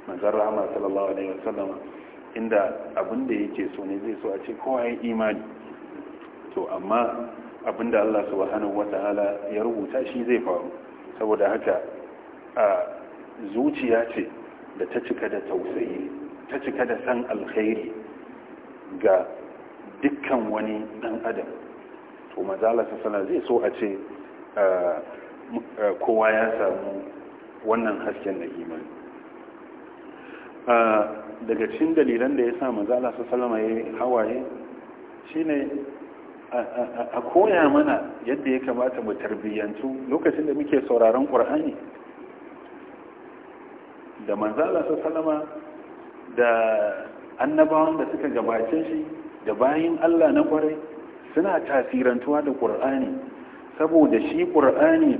manzon rahama sallallahu alaihi wasallam inda abin yake so ne zai so a ce kowa ya imani to amma abin da Allah subhanahu wataala ya rubuta shi zai faru saboda haka a zuciya ce da ta cika da tausayi ta cika da san alkhairi ga dukkan wani dan adam to manzon sallallahu alaihi wasallam zai so a ce kowa ya samu wannan hasken na imani daga cikin dalilan da ya sa mazala su salama ya hawaye ne a koya mana yadda ya kamata mu tarbiyyantu lokacin da muke sauraron ƙur'ani da mazala su salama da annabawan da suka gabace shi da bayan allah na ƙwarai suna tasirantuwa da ƙur'ani saboda shi ƙur'ani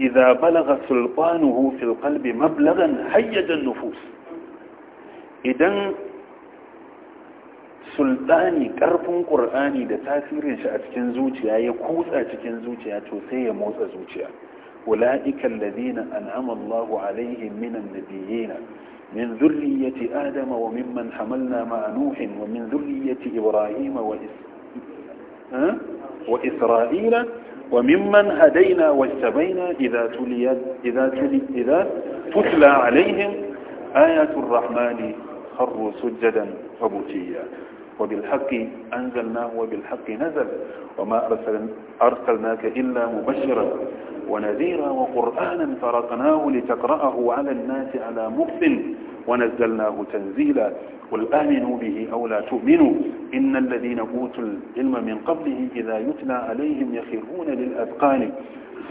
إذا بلغ سلطانه في القلب مبلغا هيج النفوس إذا سلطاني كرف قرآني ده تاثير شأت كنزوتيا يكوث أت كنزوتيا توثي موسى زوتيا أولئك الذين أنعم الله عليهم من النبيين من ذرية آدم وممن حملنا مع نوح ومن ذرية إبراهيم وإس... وإسرائيل وممن هدينا واجتبينا إذا, تليت إذا, تلي إذا تتلى عليهم آيات الرحمن خروا سجدا وبكيا وبالحق أنزلناه وبالحق نزل وما أرسلناك إلا مبشرا ونذيرا وقرآنا فرقناه لتقرأه على الناس على مكث ونزلناه تنزيلا قل آمنوا به أو لا تؤمنوا إن الذين أوتوا العلم من قبله إذا يتلى عليهم يخرون للأذقان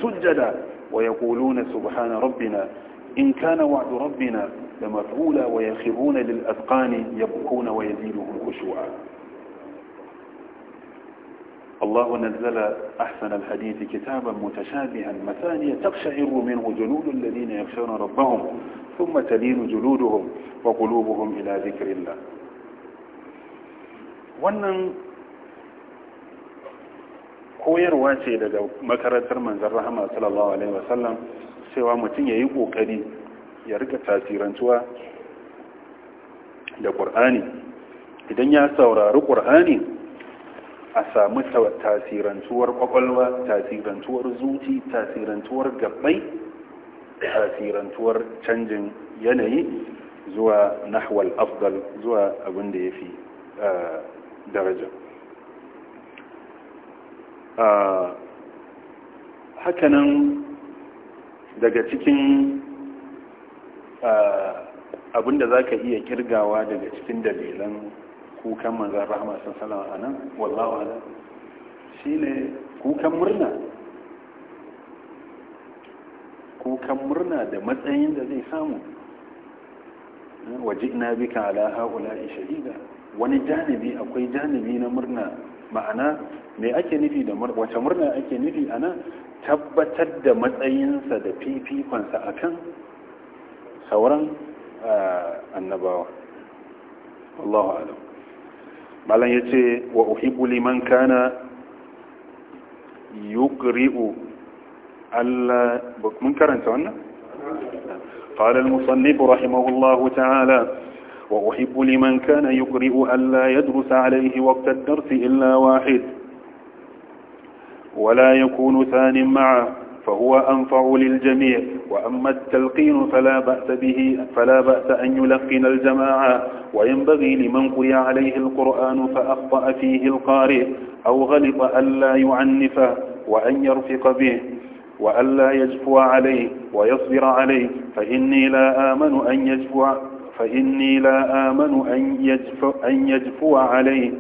سجدا ويقولون سبحان ربنا إن كان وعد ربنا لمفعولا ويخرون للأذقان يبكون ويزيدهم خشوعا الله نزل أحسن الحديث كتابا متشابها مثانية تقشعر منه جلود الذين يخشون ربهم ثم تلين جلودهم وقلوبهم إلى ذكر الله wannan koyarwa ce daga makarantar manzan rahama sallallahu alaihi wasallam cewa mutum ya yi ƙoƙari ya rika tasirantuwa da ƙur'ani idan ya saurari ƙur'ani a samu tasirantuwar kwakwalwa tasirantuwar zuci tasirantuwar gabbai tasirantuwar canjin yanayi zuwa nahwal afdal zuwa abin da ya fi daraja hakanan daga cikin abin da za ka iya kirgawa daga cikin dalilan kukan manzan rahama sun salama a nan wallawa nan shi ne kukan murna kukan murna da matsayin da zai samu waje na bi bika ala haula shahida wani janibi akwai janibi na murna ma'ana me ake nufi da wace murna ake nufi a nan tabbatar da matsayinsa da fifikonsa a kan sauran eh, annabawa wallahu alam malam ya ce wa uhibbu liman kana yuqri'u Allah mun karanta wannan قال المصنف رحمه الله تعالى وأحب لمن كان يقرئ ألا يدرس عليه وقت الدرس إلا واحد ولا يكون ثان معه فهو أنفع للجميع وأما التلقين فلا بأس به فلا بأس أن يلقن الجماعة وينبغي لمن قرئ عليه القرآن فأخطأ فيه القارئ أو غلط ألا يعنفه وأن يرفق به وألا يجفو عليه ويصبر عليه فإني لا آمن أن يجفو فإني لا آمن أن يجفو, أن يجفو عليه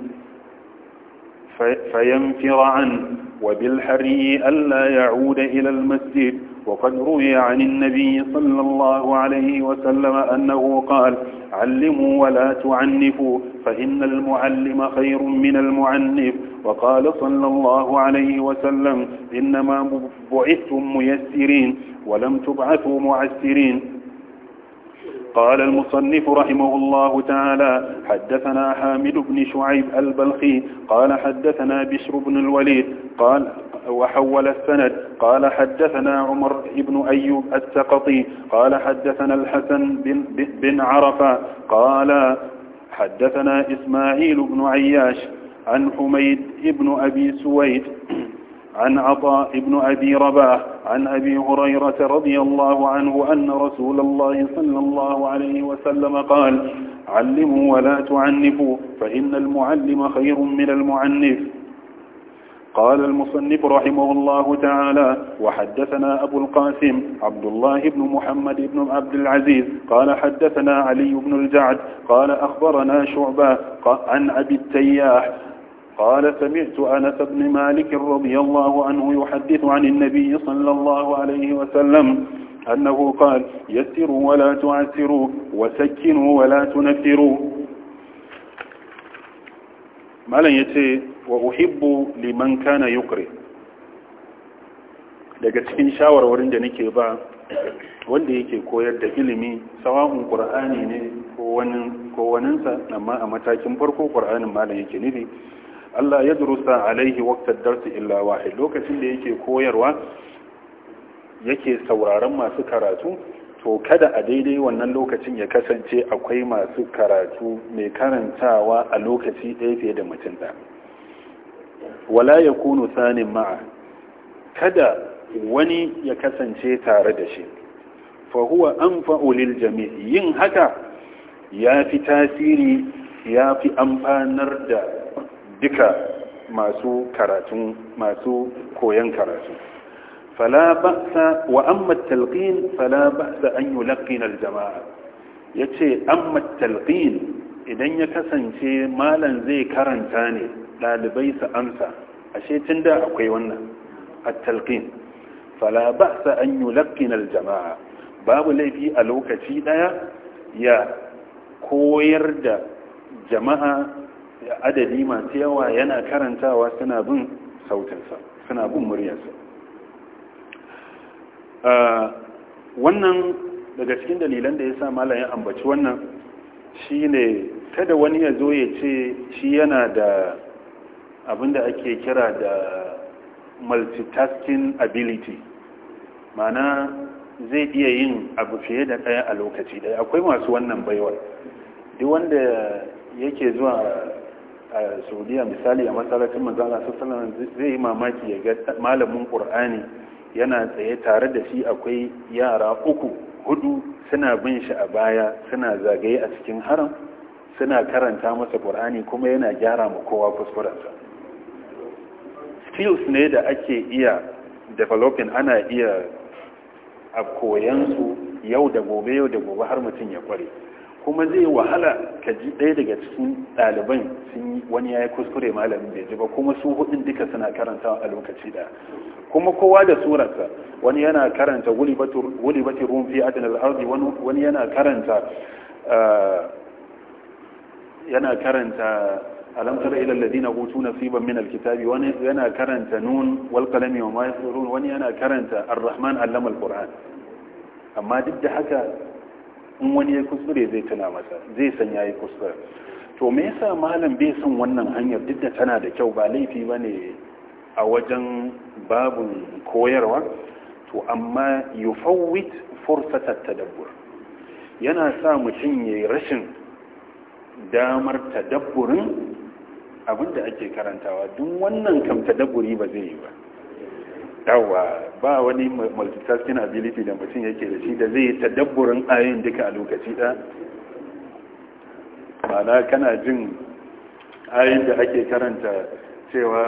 فينفر عنه وبالحري ألا يعود إلى المسجد وقد روي عن النبي صلى الله عليه وسلم أنه قال علموا ولا تعنفوا فإن المعلم خير من المعنف وقال صلى الله عليه وسلم إنما بعثتم ميسرين ولم تبعثوا معسرين قال المصنف رحمه الله تعالى حدثنا حامد بن شعيب البلخي قال حدثنا بشر بن الوليد قال وحول السند قال حدثنا عمر بن أيوب السقطي قال حدثنا الحسن بن, بن عرفة قال حدثنا إسماعيل بن عياش عن حميد بن أبي سويد عن عطاء بن أبي رباح عن أبي هريرة رضي الله عنه أن رسول الله صلى الله عليه وسلم قال علموا ولا تعنفوا فإن المعلم خير من المعنف قال المصنف رحمه الله تعالى وحدثنا أبو القاسم عبد الله بن محمد بن عبد العزيز قال حدثنا علي بن الجعد قال أخبرنا شعبة عن أبي التياح قال سمعت أنس بن مالك رضي الله عنه يحدث عن النبي صلى الله عليه وسلم أنه قال يسروا ولا تعسروا وسكنوا ولا تنفروا malam ya ce wa uhibbu liman kana yukre daga cikin shawarwarin da nake ba wanda yake koyar da ilimi sawa'un qur'ani ne ko waninsa amma a matakin farko qur'anin malam yake nufi Allah ya durusa alaihi waktar darsi illa wahid lokacin da yake koyarwa yake sauraron masu karatu to kada a daidai wannan lokacin ya kasance akwai masu karatu mai karantawa a lokaci ɗaya fiye da mutum ɗaya wala ya kunu sanin ma'a kada wani ya kasance tare da shi fahuwa an fa'ulil jami'i yin haka ya fi tasiri ya fi amfanar da duka masu karatun masu koyon karatu فلا بأس وأما التلقين فلا بأس أن يلقن الجماعة يتشي أما التلقين إذن يكسن شيء ما مالا زي تاني لا لبيس أمسى أشي تندى أقوي ونا التلقين فلا بأس أن يلقن الجماعة باب في ألوك شيئا يا koyar da jama'a adadi masu yawa yana karantawa suna bin sautinsa suna bin muryarsa wannan daga cikin dalilan da ya sa malayin ambaci wannan shi ne kada wani ya zo ya ce shi yana da abin da ake kira da multitasking ability mana zai iya yin abu fiye da ɗaya a lokaci ɗaya akwai masu wannan baiwar duk wanda yake zuwa a saudiya misali a masarautar manzana sassanar zai yi mamaki ya ga malamin ƙur'ani yana tsaye tare da shi akwai yara uku hudu suna bin shi a baya suna zagaye a cikin haram suna karanta masa qur'ani kuma yana gyara ma kowa kuskurensa skills ne da ake iya developing ana iya a koyan su yau da gobe yau da gobe har mutum ya kware kuma zai wahala ka ji ɗaya daga cikin ɗaliban sun yi wani ya yi kuskure malamin bai ji ba kuma su hudun duka suna karanta a lokaci da kuma kowa da surarsa wani yana karanta wuli bati ruwan fi adin al'arzi wani yana karanta eh, yana karanta ilal tara dina hutu na nasiban min alkitabi wani yana karanta nun wal qalami wa ma wani yana karanta arrahman allama alquran amma duk da haka in wani ya kuskure zai tuna masa zai san ya yi kuskure to me yasa malam bai san wannan hanyar duk da tana da kyau ba laifi ba ne a wajen babun koyarwa to amma yufawwit ta tadabbur yana sa mutum yayi rashin damar tadabburin abinda ake karantawa duk wannan kam tadabburi ba zai yi ba yawa ba wani multitasking ability da mutum yake da shi da zai yi tadabburin ayin duka a lokaci da mana kana jin ayoyin da ake karanta cewa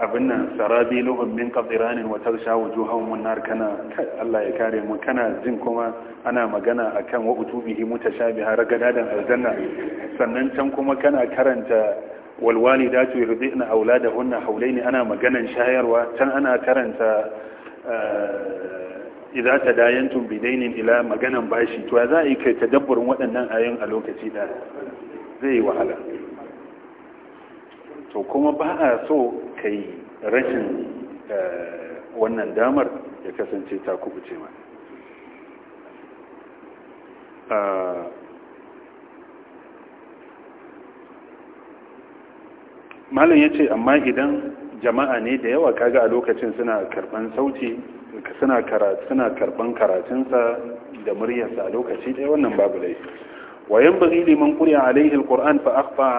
abin nan sarabi lu'un min kafiranin watar shawo wujuhahum munar kana Allah ya kare mu kana jin kuma ana magana a akan wa utubihi gada ragadadan aljanna sannan can kuma kana karanta walwali da tu yurzi na aula da hunna haulai ne ana maganan shayarwa can ana karanta eh, idan ta dayantun dainin ila maganan bashi to za a yi kai ta tadabburin waɗannan ayoyin a lokaci da zai yi wahala to kuma ba a so kai rashin eh, wannan damar ya kasance ta kubuce ma malam ya ce amma idan jama'a ne da yawa kaga a lokacin suna karban sauti suna karban karatunsa da muryarsa a lokaci ɗaya wannan babu laifi wayan bari liman ƙuri alaihi alquran fa akhfa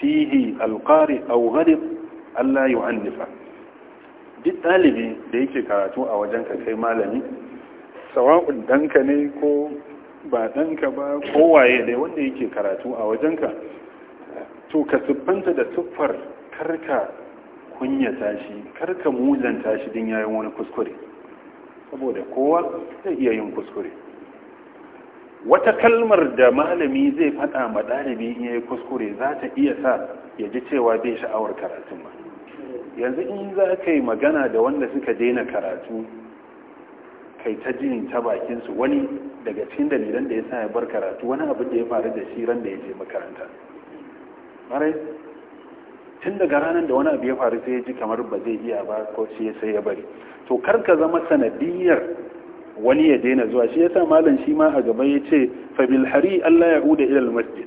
fihi alqari aw ghalib alla yu'annifa duk ɗalibi da yake karatu a wajen ka kai malami sawa'un danka ne ko ba danka ba kowaye dai wanda yake karatu a wajen ka. to ka siffanta da siffar karka kunyata shi karka muzanta shi din yayin wani kuskure saboda kowa zai iya yin kuskure wata kalmar da malami zai faɗa ma ɗalibi in yayi kuskure za ta iya sa ya ji cewa bai sha'awar karatun ba yanzu in za ka yi magana da wanda suka daina karatu kai ta jin ta bakinsu wani daga cikin dalilan da ya sa ya bar karatu wani abin da ya faru da shi ran da ya je makaranta tun daga ranar da wani abu ya faru sai ya ji kamar ba zai iya ba ko shi sai ya bari to kar ka zama sanadiyar wani ya daina zuwa shi yasa malam shi ma a gaba ya ce fa bil hari Allah ya huda ila masjid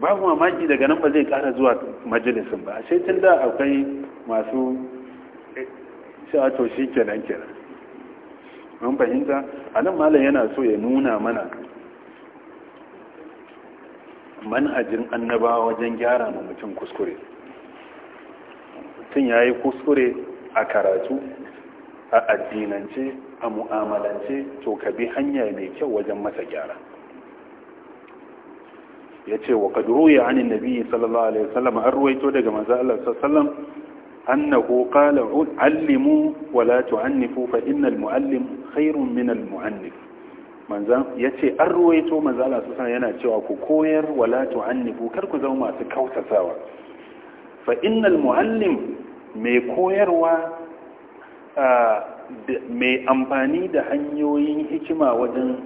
babu mamaki daga nan ba zai kara zuwa majalisin ba sai tun da akwai masu sha'ato eh, shi kenan kenan mun fahimta anan malam yana so ya nuna mana manhajin annabawa wajen gyara ma mutum kuskure mutum ya yi kuskure a karatu a addinance a mu'amalance to ka bi hanya mai kyau wajen masa gyara ya ce wa kaduru ya anin nabi sallallahu alaihi wasallam an ruwaito daga maza Allah sallallahu ko kala allimu wa la tu'annifu fa innal muallim khairun minal mu'annif manzan ya ce an ruwaito manzala su sana yana cewa ku koyar wala tu'annibu kar ku zama masu kautasawa fa innal muallim mai koyarwa mai amfani da hanyoyin hikima wajen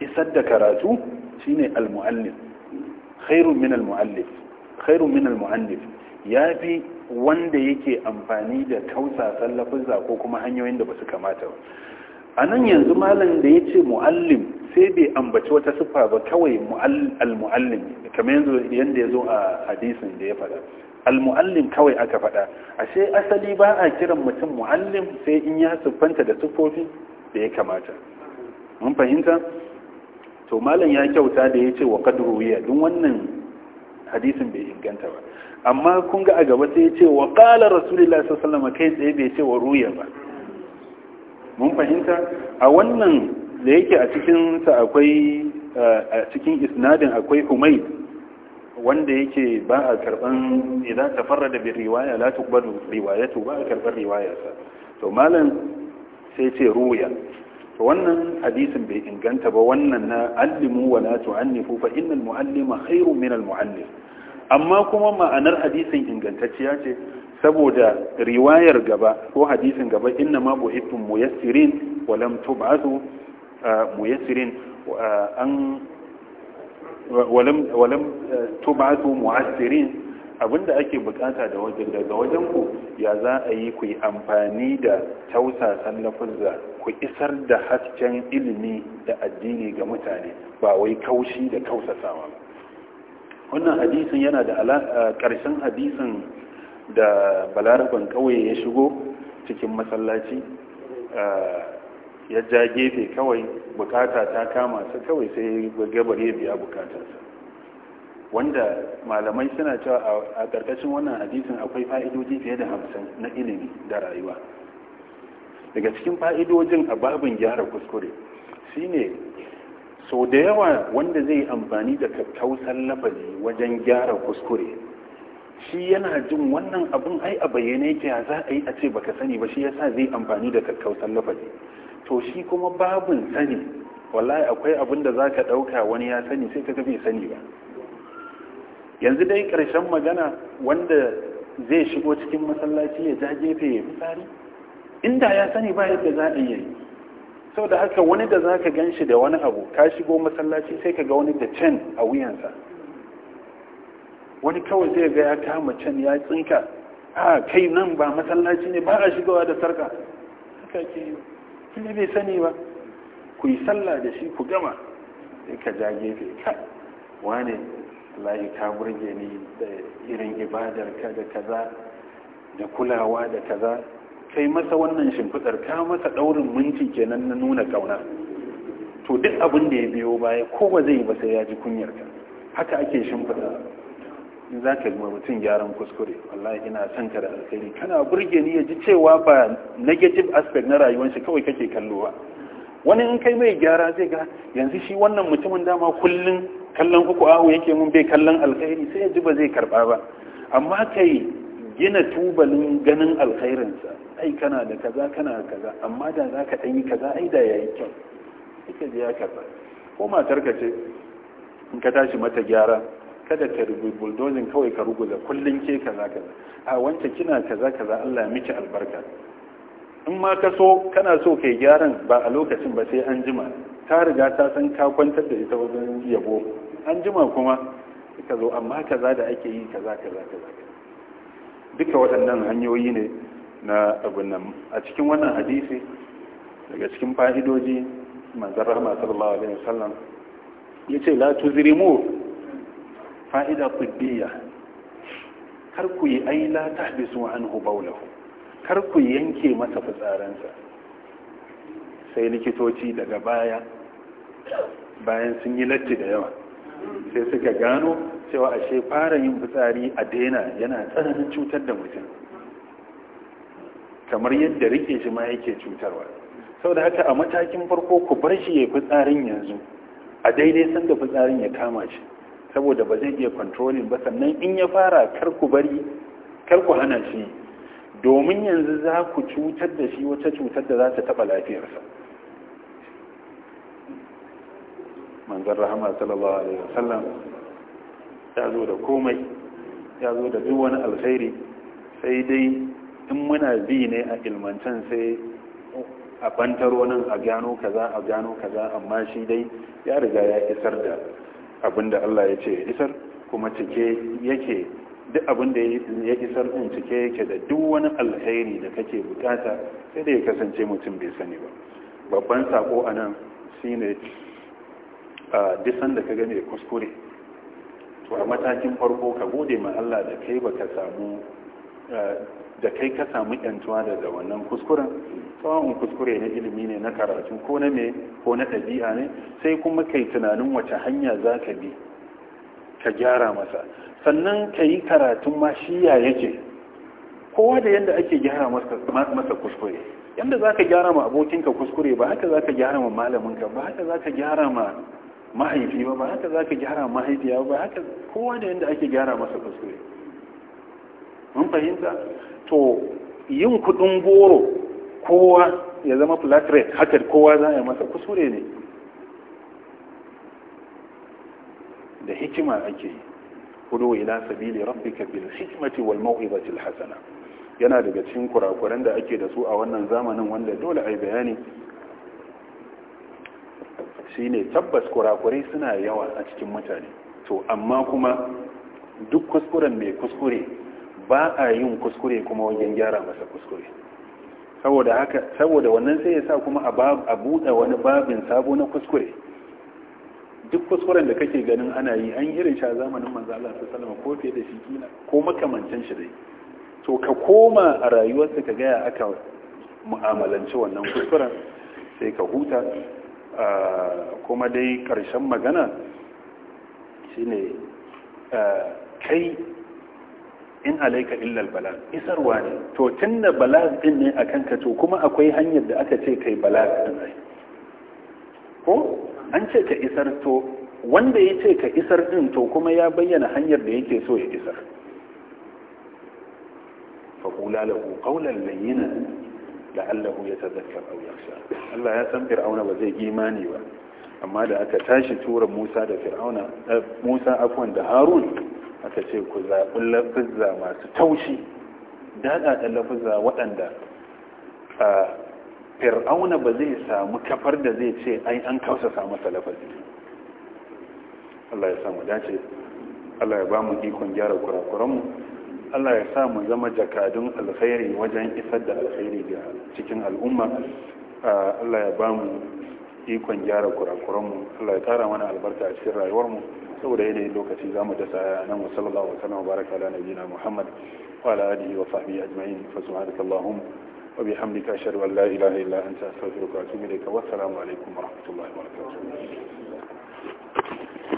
isar da karatu shine al-muallim khairun min al-muallif khairun min al-muallif yafi wanda yake amfani da kausa sallafin ko kuma hanyoyin da basu kamata ba a nan yanzu malam da ya ce mu'allim sai bai ambaci wata siffa ba kawai al-mu'allim kamar yanzu yadda ya zo a hadisin da ya faɗa al-mu'allim kawai aka faɗa ashe asali ba a kiran mutum mu'allim sai in ya siffanta da siffofi da ya kamata mun fahimta to malam ya kyauta da ya ce wa kadru ya duk wannan hadisin bai inganta ba amma kun ga a gaba sai ya ce wa qala rasulullahi sallallahu alaihi kai tsaye bai ce wa ruya ba mun fahimta a wannan da yake a cikin sa akwai eh, a cikin isnadin akwai umai wanda yake ba a karban idan tafarrada bi riwaya la tuqbalu riwayatu ba a karban sa to malam sai ce ruya to wannan hadisin bai inganta ba wannan na allimu wa la tu'annifu fa innal mu'allima khairu min al mu'allif amma kuma ma'anar hadisin ingantacciya ce saboda riwayar gaba ko hadisin gaba inna ma bu'ithum muyassirin wa lam tub'athu uh, muyassirin uh, an wa lam uh, tub'athu mu'assirin abinda ake bukata da wajen daga wajen ku ya za a yi ku amfani da tausasan lafuzza ku isar da hasken ilimi da addini ga mutane ba wai kaushi da kausasawa. wannan hadisin yana da ƙarshen hadisin da balaraban kauye ya shigo cikin masallaci ya ja gefe kawai bukata ta kama su kawai sai gabar ya biya bukatarsa wanda malamai suna cewa a ƙarƙashin wannan hadisin akwai fa'idoji fiye da hamsin na ilimi da rayuwa daga cikin fa'idojin a babin gyara kuskure shine sau da yawa wanda zai amfani da kakkausan lafazi wajen gyara kuskure shi yana jin wannan abun ai a bayyane yake za a yi a ce baka sani ba shi yasa zai amfani da kakkausan lafazi to shi kuma babin sani wallahi akwai abin da zaka dauka wani ya sani sai ka bai sani ba yanzu dai karshen magana wanda zai shigo cikin masallaci ya ja gefe ya tsari? inda ya sani ba yadda za a yi sau da haka wani da zaka gan shi da wani abu ka shigo masallaci sai ka ga wani da can a wuyansa wani kawai zai ga ya kama can ya tsinka a kai nan ba masallaci ne ba a shigawa da sarka haka ke yi ne bai sani ba ku yi sallah da shi ku gama sai ka ja gefe ka wane layi ka burge ni da irin ibadar ka da kaza da kulawa da kaza kai masa wannan shimfiɗar ka masa ɗaurin minti kenan na nuna ƙauna to duk abin da ya biyo baya ko ba zai yi ba sai ya ji kunyarka haka ake shimfidar. in za ka ma mutum gyaran kuskure wallahi ina son ka da alkhairi kana burge ni ya ji cewa ba negative aspect na rayuwar shi kawai kake kallowa wani in kai mai gyara zai ga yanzu shi wannan mutumin dama kullun kallon uku ahu yake mun bai kallon alkhairi sai ya ji ba zai karba ba amma kai gina tubalin ganin alkhairinsa ai kana da kaza kana da kaza amma da za ka ɗan yi kaza ai da ya kyau ita ji ya karba ko matar ka ce in ka tashi mata gyara kada ka rubu buldozin kawai ka ruguza kullum ke kaza kaza a wancan kina kaza kaza Allah ya miki albarka in ma ka so kana so kai gyaran ba a lokacin ba sai an jima ta riga ta san ka kwantar da ita wajen yabo an jima kuma ka zo amma kaza da ake yi kaza kaza kaza duka waɗannan hanyoyi ne na abun nan a cikin wannan hadisi daga cikin fa'idoji manzon rahama sallallahu alaihi wasallam yace la tuzrimu fa'ida tibbiya kar ku yi ai an tahbisu anhu bawlahu kar ku yanke masa fitsaransa sai likitoci daga baya bayan sun yi latti da yawa sai suka gano cewa ashe fara yin fitsari a daina yana tsananin cutar da mutum kamar yadda rike shi ma yake cutarwa sau da haka a matakin farko ku bar shi ya fitsarin yanzu a daidai sanda fitsarin ya kama shi saboda ba zai iya kontrolin ba sannan in ya fara kar ku bari karku hana shi domin yanzu za ku cutar da shi wata cutar da za ta taɓa lafiyarsa manzan rahama sallallahu alaihi wasallam ya zo da komai ya zo da duk wani alkhairi sai dai in muna bi ne a ilmantan sai a bantaro nan a gano kaza a gano kaza amma shi dai ya riga ya isar da abinda Allah ya ce isar kuma cike yake duk abinda ya isar ɗin cike yake da duk wani alheri da kake bukata sai da ya kasance mutum bai sani ba babban sako a nan shi ne a disan da ka gane da kuskure to a matakin farko ka gode ma Allah da kai ka samu da kai ka samu yantuwa daga wannan kuskuren tsawon kuskure na ilimi ne na karatu ko na me ko na ɗabi'a ne sai kuma kai tunanin wace hanya za ka bi ka gyara masa sannan ka yi karatun ma shi ya yake kowa da yadda ake gyara masa kuskure yadda za ka gyara ma abokinka kuskure ba haka za ka gyara ma malaminka ba haka za ka gyara ma mahaifi ba ba haka za ka gyara mahaifiya ba haka kowa da yadda ake gyara masa kuskure mun fahimta to yin kudin goro kowa ya zama flat rate haka kowa za a masa kusure ne da hikima ake yi ila sabili rabbika bil hikmati wal mau'izati hasana yana daga cikin kurakuran da ake da su a wannan zamanin wanda dole ai bayani shine tabbas kurakurai suna yawa a cikin mutane to amma kuma duk kuskuren mai kuskure ba a yin kuskure kuma wajen gyara masa kuskure saboda haka saboda wannan sai ya sa kuma a buɗe wani babin sabo na kuskure duk kuskuren da kake ganin ana yi an irin sha zamanin manzo Allah sallallahu alaihi ko fiye da shi kila ko makamancin shi dai to ka koma a rayuwarsa ka gaya aka mu'amalanci wannan kuskuren sai ka huta kuma dai ƙarshen magana shine kai in alaika illal bala isarwa ne to tunda bala din ne akan ka to kuma akwai hanyar da aka ce kai bala din ko an ce ka isar to wanda ya ce ka isar din to kuma ya bayyana hanyar da yake so ya isar fa qula lahu qawlan layyina la'allahu yatadhakkar aw yakhsha Allah ya san fir'auna ba zai imani ba amma da aka tashi tura Musa da fir'auna eh, Musa afwan da Harun aka ce ku zaɓi lafizza masu taushi daɗaɗa lafizza waɗanda fir'auna ba zai samu kafar da zai ce ai an kausa samu lafazi Allah ya samu dace Allah ya ba mu ikon gyara kurakuranmu Allah ya sa mu zama jakadun alkhairi wajen isar da alkhairi ga cikin al'umma Allah ya ba mu ikon gyara kurakuranmu Allah ya kara mana albarka a cikin rayuwarmu saboda yanayin lokaci za mu dasa nan wa sallallahu wa sallam baraka ala nabiyina muhammad wa ala alihi wa sahbihi ajma'in fa subhanaka allahum wa bihamdika ashhadu an la ilaha illa anta astaghfiruka wa atubu ilayka wa assalamu alaikum wa rahmatullahi wa barakatuh